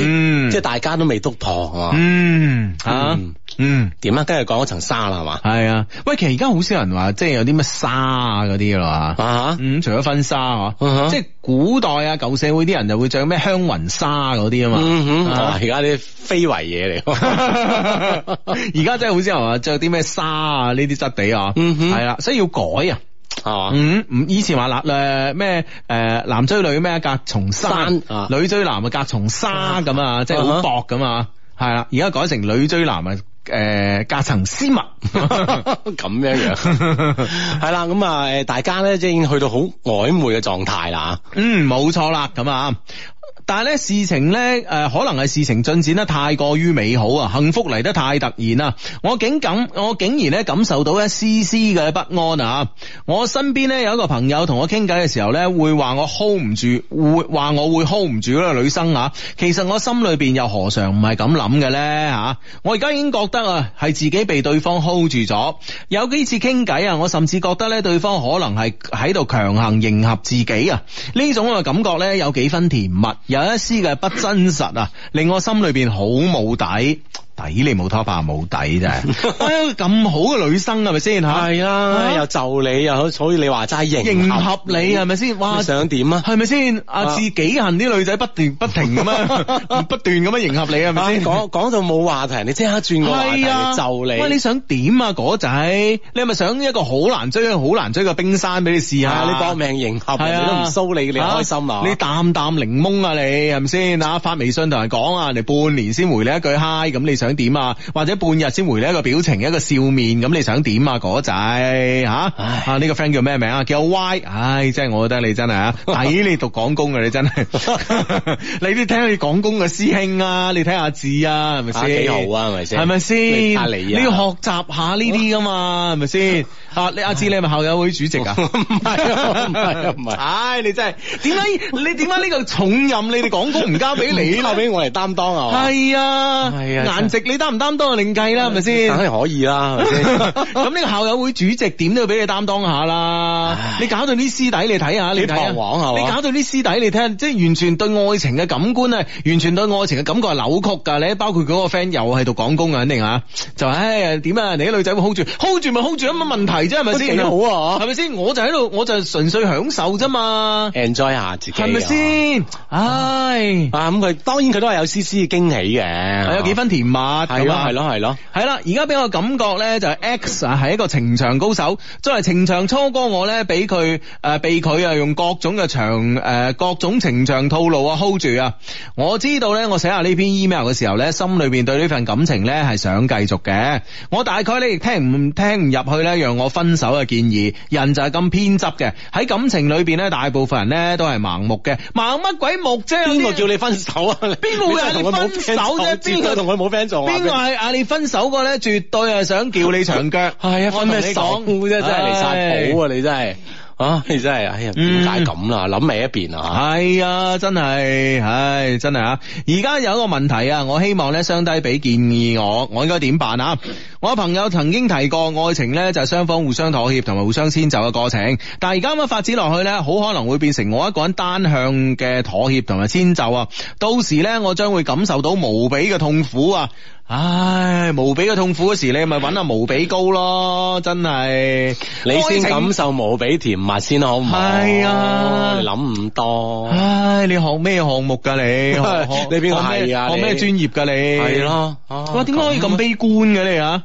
嗯，即係大家都未篤破。嗯，吓、嗯。嗯，點啊？跟住講一層紗啦，係嘛？係啊，喂，其實而家好少人話，即係有啲咩紗啊嗰啲咯，啊，嗯，除咗婚紗啊，即係古代啊舊社會啲人就會着咩香雲紗嗰啲啊嘛，而家啲非遺嘢嚟，而家真係好少人話着啲咩紗啊呢啲質地啊，嗯哼，係、啊、啦、啊 [laughs] 啊啊，所以要改啊，啊，嗯，以前話男誒咩誒男追女咩隔重山，啊，女追男啊隔重紗咁啊，即係好薄咁啊，係啦、啊，而家改成女追男啊。誒，隔層絲襪咁樣樣，係 [laughs] 啦，咁啊，誒，大家咧即係已經去到好曖昧嘅狀態啦，嗯，冇錯啦，咁 [laughs] 啊。但係咧事情，咧誒，可能係事情進展得太過於美好啊，幸福嚟得太突然啦。我竟感，我竟然咧感受到一絲絲嘅不安啊！我身邊咧有一個朋友同我傾偈嘅時候咧，會話我 hold 唔住，會話我會 hold 唔住嗰個女生啊。其實我心裏邊又何嘗唔係咁諗嘅咧吓？我而家已經覺得啊，係自己被對方 hold 住咗。有幾次傾偈啊，我甚至覺得咧，對方可能係喺度強行迎合自己啊。呢種嘅感覺咧，有幾分甜蜜。有一絲嘅不真實啊，令我心裏邊好冇底。抵你冇拖拍冇底真係，哎呀咁好嘅女生係咪先？係啊，又就你，啊所以你話齋迎合你係咪先？哇想點啊？係咪先？啊自己恨啲女仔不斷不停咁樣，不斷咁樣迎合你係咪先？講講到冇話題，你即刻轉話題嚟就你。喂，你想點啊哥仔？你係咪想一個好難追、好難追嘅冰山俾你試下？你搏命迎合你都唔騷你，你開心啊？你啖啖檸檬啊你係咪先？嗱，發微信同人講啊，人哋半年先回你一句 hi，咁你想？想點啊？或者半日先回你一個表情，一個笑面咁，你想點啊？果仔吓啊！呢個 friend 叫咩名啊？叫 Y。唉，真、啊、係、這個、我,我覺得你真係啊，抵 [laughs] 你讀廣工嘅你真係。 [laughs] 你都聽你廣工嘅師兄啊，你睇下志啊，係咪先？幾好啊，係咪先？係咪先？你，要學習下呢啲噶嘛，係咪先？啊，你阿志，你係咪校友會主席啊？唔 [laughs] 係、啊，唔係、啊，唉、啊啊哎，你真係點解？你點解呢個重任你哋廣工唔交俾你，交 [laughs] 俾、啊、我嚟擔當啊？係 [laughs] 啊，係、哎、啊，顏你擔唔擔當啊？另計啦，係咪先？梗係可以啦。係咪先？咁 [laughs] 呢個校友會主席點都要俾你擔當下啦。你搞到啲師弟你睇下，你睇啊，你搞到啲師弟你聽，即係完全對愛情嘅感官啊，完全對愛情嘅感覺係扭曲噶。你包括佢個 friend 又喺度講工啊，肯定吓就誒點、哎、啊？你啲女仔會 hold 住，hold 住咪 hold 住，有乜問題啫，係咪先？幾好啊，係咪先？我就喺度，我就純粹享受啫嘛，enjoy 下自己是是，係咪先？唉，啊咁佢、啊啊、當然佢都係有絲絲驚喜嘅、啊啊啊，有幾分甜蜜。係啦，係咯，係咯，係啦！而家俾我的感覺咧，就係 X 啊，係一個情場高手。作為情場初哥，我咧俾佢誒，被佢啊用各種嘅場誒、呃，各種情場套路啊 hold 住啊！我知道咧，我寫下呢篇 email 嘅時候咧，心裏面對呢份感情咧係想繼續嘅。我大概你亦聽唔聽唔入去咧，讓我分手嘅建議。人就係咁偏執嘅，喺感情裏邊咧，大部分人咧都係盲目嘅，盲乜鬼目啫？邊個叫你分手啊？邊個會同佢冇手啫？知道同佢冇 friend？邊個係啊？你分手個咧，絕對係想叫你長腳。係、 [laughs] 哎、啊，分咩爽啫？真係離晒譜啊！你真係，啊，你真係，哎呀，點解咁啦？諗埋一邊啊？係、嗯、啊，真係，唉，真係啊！而、哎、家、哎、有一個問題啊，我希望咧，上帝俾建議我，我應該點辦啊？我朋友曾經提過愛情咧，就係雙方互相妥協同埋互相遷就嘅過程。但係而家咁樣發展落去咧，好可能會變成我一個人單向嘅妥協同埋遷就啊！到時咧，我將會感受到無比嘅痛苦啊！唉，無比嘅痛苦嗰時候，你咪搵下無比高咯，真係你先感受無比甜蜜先好唔好？係啊，你諗唔到。唉，你學咩項目噶你？你邊個係啊？學咩專業噶你？係咯、啊，哇、啊，點解可以咁悲觀嘅、啊啊、你啊？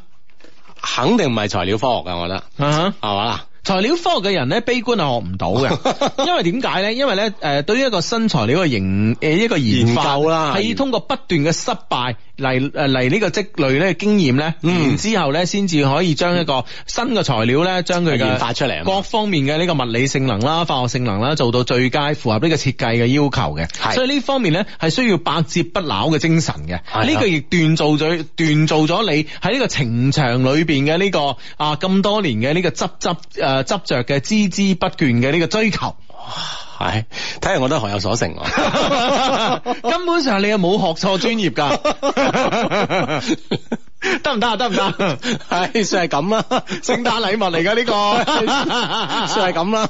肯定唔係材料科學噶，我覺得，係嘛啦？材料科學嘅人咧，悲觀係學唔到嘅，因為點解咧？因為咧，誒，對於一個新材料嘅研，誒，一個研究，研究啦，係通過不斷嘅失敗。嚟，誒、嚟呢個積累咧經驗咧、嗯，然之後咧先至可以將一個新嘅材料咧、嗯，將佢嘅研發出嚟，各方面嘅呢個物理性能啦、嗯、化學性能啦，做到最佳，符合呢個設計嘅要求嘅。所以呢方面咧係需要百折不撓嘅精神嘅。呢、呢個亦鍛造咗、鍛造咗你喺呢個情場裏邊嘅呢個啊咁多年嘅呢個執執誒、呃、執着嘅孜孜不倦嘅呢個追求。係，睇嚟我都學有所成，根本上你又冇學錯專業噶。得唔得啊？得唔得？係算係咁啦，聖誕禮物嚟噶呢個， [laughs] 算係咁啦，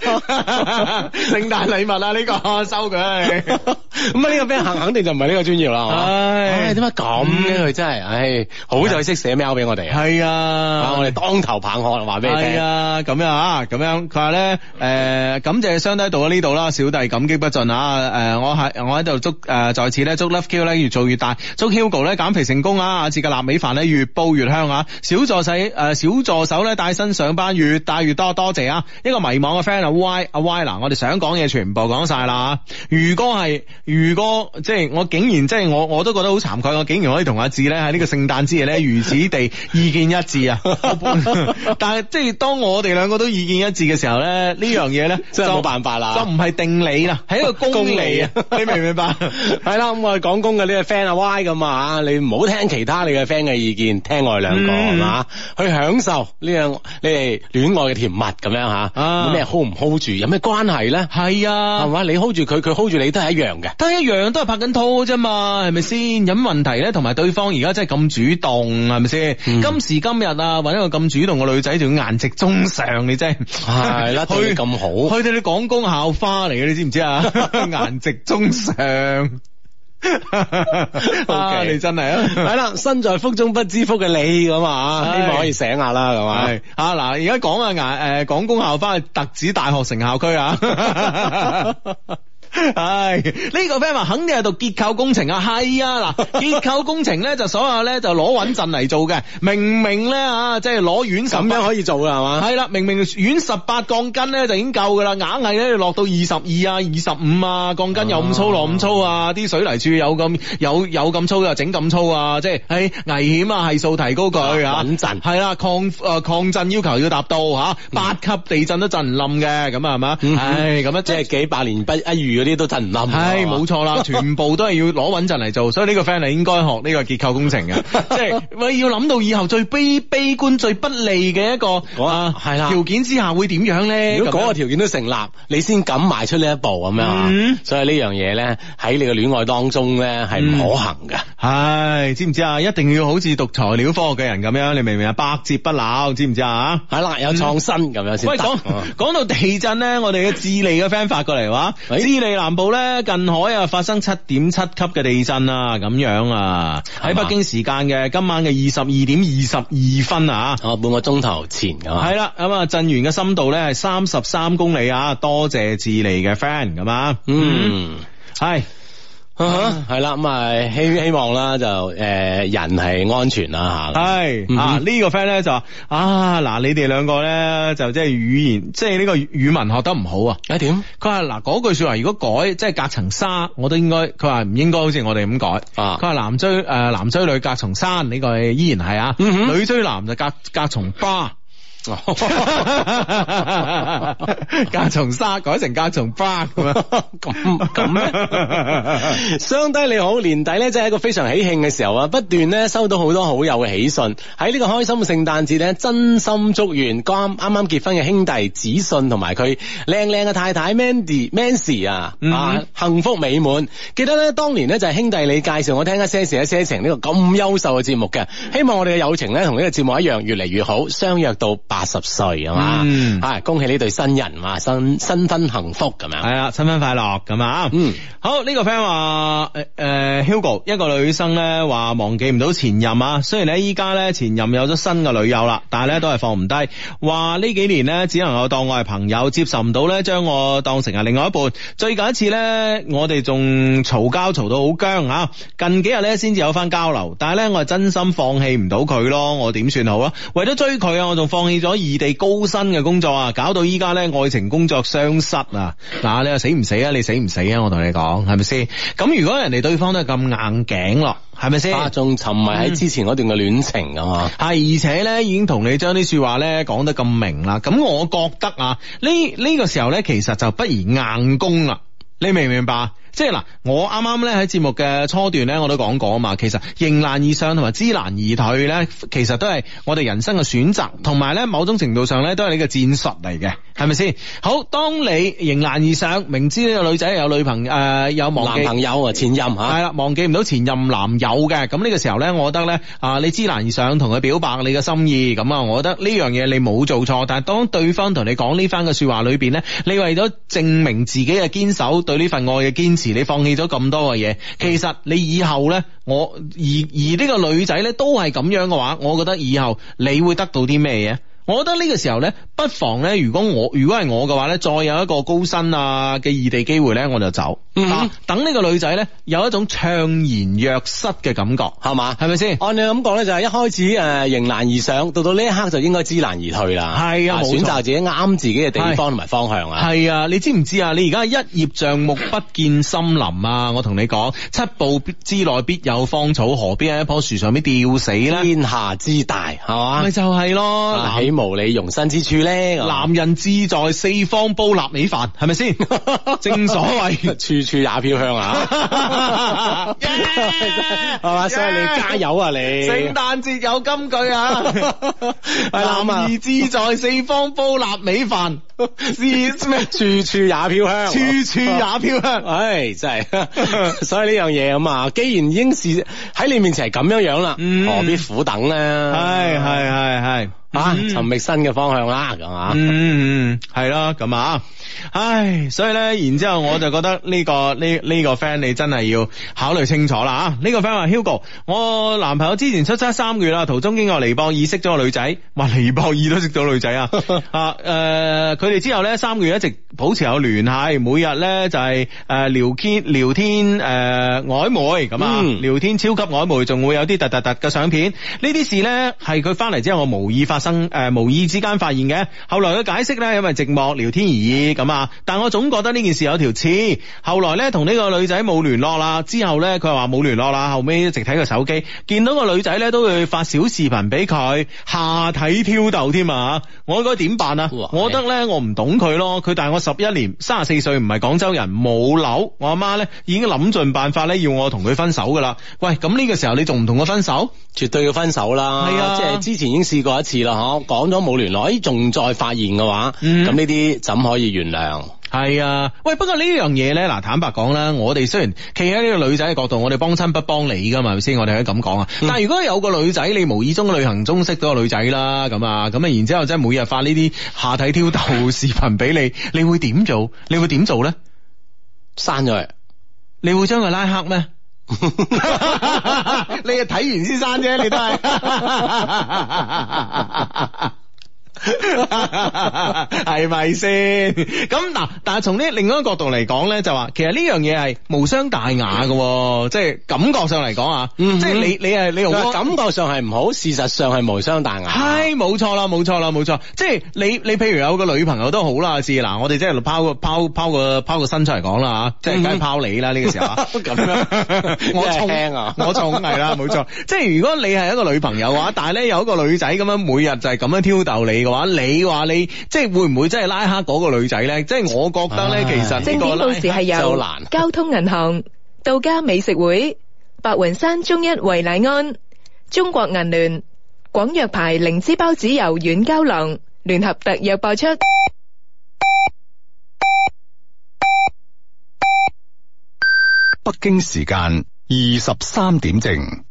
聖誕禮物啊呢、這個收佢。咁啊呢個 friend 肯定就唔係呢個專業啦。唉，點解咁嘅？佢、啊嗯、真係，唉，好在識寫 email 俾我哋。係啊，我哋、啊、當頭棒喝，話俾你聽。啊，咁樣啊，咁樣。佢話咧，誒、呃，感謝雙弟到咗呢度啦，小弟感激不盡啊。誒、呃，我喺我喺度祝誒、呃、在此咧祝 Love Q 咧越做越大，祝 Hugo 咧減肥成功啊！啊，似個臘味飯咧越越煲越香啊！小助手誒，小助手咧帶身上班越帶越多，多謝啊！一個迷茫嘅 friend 阿 Y 阿 Y 嗱，我哋想講嘢全部講晒啦。如果係如果即係我竟然即係，就是，我我都覺得好慚愧，我竟然可以同阿志咧喺呢個聖誕之夜咧如此地意見一致啊！ [laughs] [laughs] 但係即係當我哋兩個都意見一致嘅時候咧，樣，呢樣嘢咧真係冇辦法啦，就唔係定理啦，係 [laughs] 一個公理， [laughs] 公理 [laughs] 白、 [laughs] 嗯、啊！你明唔明白？係啦，咁我哋講公嘅呢個 friend 阿 Y 咁啊，你唔好聽其他你嘅 friend 嘅意見。聽我哋兩個係嘛、嗯，去享受呢、這、樣、個、你哋戀愛嘅甜蜜咁樣吓，咩、啊、hold 唔 hold 住有咩關係咧？係啊，係嘛，你 hold 住佢，佢 hold 住你都係一樣嘅，都係一樣都係拍緊拖啫嘛，係咪先？有咩問題咧？同埋對方而家真係咁主動，係咪先？今時今日啊，揾一個咁主動嘅女仔仲要顏值中上，你真係係啦，對、哎、咁好，佢哋你廣工校花嚟嘅，你知唔知啊？顏 [laughs] 值中上。 [laughs] [laughs] okay. 啊！你真係啊，係 [laughs] 啦，身在福中不知福嘅你咁啊，希 [laughs] 望可以醒下啦，係 [laughs] 咪？啊嗱，而家講下誒，廣工校翻去特指大學城校區啊。 [laughs] [laughs] 唉，呢個 friend 話肯定係讀結構工程啊，係啊，嗱結構工程咧就所有咧就攞穩陣嚟做嘅，明明咧啊，即係攞軟十，咁樣可以做啦係嘛，係啦，明明軟十八鋼筋咧就已經夠噶啦，硬係咧落到二十二啊、二十五啊，鋼筋又咁粗，落咁粗啊，啲水泥柱有咁有有咁粗又整咁粗啊，即係唉危險啊係數提高佢啊穩陣係啦，抗啊抗震要求要達到吓八級地震都震唔冧嘅咁啊係嘛，唉咁啊即係幾百年不一遇。呢都震冧，唉，冇錯啦， [laughs] 全部都係要攞穩陣嚟做，所以呢個 friend 係應該學呢個結構工程嘅，即 [laughs] 係要諗到以後最悲悲觀、最不利嘅一個，好、那個、啊，係啦，條件之下會點樣咧？如果嗰個條件都成立，你先敢邁出呢一步咁樣、嗯、所以呢樣嘢咧喺你嘅戀愛當中咧係唔可行嘅，唉、嗯，知唔知啊？一定要好似讀材料科學嘅人咁樣，你明唔明啊？百折不撓，知唔知啊？吓，係啦，有創新咁樣先喂，講講、嗯、到地震咧，我哋嘅智利嘅 friend 發過嚟話， [laughs] 智利。南部咧近海啊發生七點七級嘅地震啊。咁樣啊喺北京時間嘅今晚嘅二十二點二十二分啊，哦半個鐘頭前咁係啦，咁啊震源嘅深度咧係三十三公里啊，多謝智利嘅 friend 咁、嗯、啊。嗯，係。啊，係啦，咁啊希希望啦，就誒人係安全啦吓。係啊，呢、啊啊啊啊呢個 friend 咧就啊嗱、啊，你哋兩個咧就即係語言，即係呢個語文學得唔好啊。點？佢話嗱嗰句說話如果改，即、就、係、係、隔層沙，我都應該，佢話唔應該好似我哋咁改啊。佢話男追誒、呃、男追女隔重山，呢個依然係啊、嗯。女追男就隔隔重花。 [laughs] 加重沙，改成加重花咁，咁咩？兄弟你好，年底咧真係一個非常喜慶嘅時候啊！不斷咧收到好多好友嘅喜訊，喺呢個開心嘅聖誕節咧，真心祝願剛啱啱結婚嘅兄弟子信同埋佢靚靚嘅太太 Mandy Mandy 啊，幸福美滿。記得咧當年咧就係兄弟你介紹我聽一些事一些情呢個咁優秀嘅節目嘅，希望我哋嘅友情咧同呢個節目一樣越嚟越好，相約到八。八十歲啊嘛，係、嗯、恭喜呢對新人嘛，新新婚幸福咁樣，係啊，新婚快樂咁啊，嗯，好呢、這個 friend 話，誒、呃、，Hugo 一個女生咧話忘記唔到前任啊，雖然咧依家咧前任有咗新嘅女友啦，但係咧都係放唔低，話呢幾年咧只能夠當我係朋友，接受唔到咧將我當成係另外一半，最近一次咧我哋仲嘈交嘈到好僵啊，近幾日咧先至有翻交流，但係咧我係真心放棄唔到佢咯，我點算好啊？為咗追佢啊，我仲放棄。咗異地高薪嘅工作啊，搞到依家呢愛情工作相失啊！嗱，你話死唔死啊？你死唔死啊？我同你講，係咪先？咁如果人哋對方都係咁硬頸咯，係咪先？仲沉迷喺之前嗰段嘅戀情啊嘛，係、嗯、而且呢，已經同你將啲說話呢講得咁明啦，咁我覺得啊，呢、這、呢個時候呢，其實就不如硬攻啦，你明唔明白？即係嗱，我啱啱咧喺節目嘅初段咧，我都講過啊嘛。其實迎難而上同埋知難而退咧，其實都係我哋人生嘅選擇，同埋咧某種程度上咧，都係你嘅戰術嚟嘅，係咪先？好，當你迎難而上，明知呢個女仔有女朋友誒、呃，有忘男朋友前任吓，係啦，忘記唔到前任男友嘅。咁呢個時候咧，我覺得咧啊，你知難而上同佢表白你嘅心意，咁啊，我覺得呢樣嘢你冇做錯。但係當對方同你講呢番嘅說話裏邊呢，你為咗證明自己嘅堅守，對呢份愛嘅堅持。你放棄咗咁多嘅嘢，其實你以後咧，我而而呢個女仔咧，都係咁樣嘅話，我覺得以後你會得到啲咩嘢？我覺得呢個時候咧，不妨咧，如果我如果係我嘅話咧，再有一個高薪啊嘅異地機會咧，我就走。嗯啊、等呢個女仔咧，有一種悵然若失嘅感覺，係嘛？係咪先？按你咁講咧，就係一開始誒迎難而上，到到呢一刻就應該知難而退啦。係啊，啊，選擇自己啱自己嘅地方同埋方向啊。係啊，你知唔知啊？你而家一葉障目不見森林啊！我同你講，七步之內必有芳草，何必喺一棵樹上邊吊死呢？天下之大，係嘛？咪就係、是、咯。是無理容身之處咧，男人志在四方煲臘味飯，係咪先？ [laughs] 正所謂謂 [laughs] 處處也飄香啊，係嘛？所以你加油啊，你！聖誕節有金句啊，係啦，男兒志在四方煲臘味飯，咩？ [laughs] [laughs] 處處也飄香，處處也飄香。唉，真係，所以呢樣嘢咁啊，既然已經喺你面前係咁樣樣啦，嗯，何必苦等咧？係係係係。啊！尋覓新嘅方向啦，咁啊，嗯寶寶啊嗯，係啦咁啊，唉，所以咧，然之後我就覺得呢、這個呢呢、 [laughs] 這個、這個、friend 你真係要考慮清楚啦，啊，呢、這個 friend 話 Hugo，我男朋友之前出差三個月啦，途中經過尼泊爾識咗個女仔，話尼泊爾都識咗女仔 [laughs] 啊，啊、呃，誒佢哋之後咧三個月一直保持有聯繫每日咧就係、是、誒聊天聊天誒曖、呃、昧咁啊、嗯，聊天超級曖昧，仲會有啲突突突嘅相片，呢啲事咧係佢翻嚟之後我無意發生。生無意之間發現嘅，後來佢解釋呢，因為寂寞聊天而已。咁啊。但我總覺得呢件事有條刺。後來呢，同呢個女仔冇聯絡啦，之後呢，佢話冇聯絡啦。後尾一直睇佢手機，見到個女仔呢，都會發小視頻俾佢，下體挑逗添啊！我應該點辦啊？我覺得呢，我唔懂佢咯。佢大我十一年，三十四歲，唔係廣州人，冇樓。我阿媽呢，已經諗盡辦法呢，要我同佢分手噶啦。喂，咁呢個時候你仲唔同佢分手？絕對要分手啦！係啊，即係之前已經試過一次啦。我講咗冇聯絡，仲再發現嘅話，咁呢啲怎可以原諒？係啊，喂，不過這件事呢樣嘢咧，嗱，坦白講啦，我哋雖然企喺呢個女仔嘅角度，我哋幫親不幫你噶嘛，係咪先？我哋可以咁講啊。但係如果有個女仔，你無意中嘅旅行中識到個女仔啦，咁啊，咁啊，然之後即係每日發呢啲下體挑逗視頻俾你，你會點做？你會點做咧？刪咗佢，你會將佢拉黑咩？你係睇完先生啫，你都係。係咪先？咁 [laughs] 嗱，但係從呢另外一個角度嚟講咧，就話其實呢樣嘢係無傷大雅嘅，嗯，即係感覺上嚟講啊，即係你你係你用，那個、感覺上係唔好，嗯，事實上係無傷大雅。係，冇錯啦，冇錯啦，冇錯。即係你你譬如有個女朋友都好啦，似嗱，我哋即係拋個拋拋個拋個身出嚟講啦吓，即係梗係拋你啦呢，嗯這個時候。咁 [laughs] 樣，我聽啊，我重係啦，冇錯。錯 [laughs] 即係如果你係一個女朋友啊，但係咧有一個女仔咁樣每日就係咁樣挑逗你嘅。話你話你即係會唔會真係拉黑嗰個女仔咧？即係我覺得咧，其實正點到時係由交通銀行、道家美食會、白雲山中一維乃安、中國銀聯、廣藥牌靈芝包子、油軟膠囊聯合特約播出。北京時間二十三點正。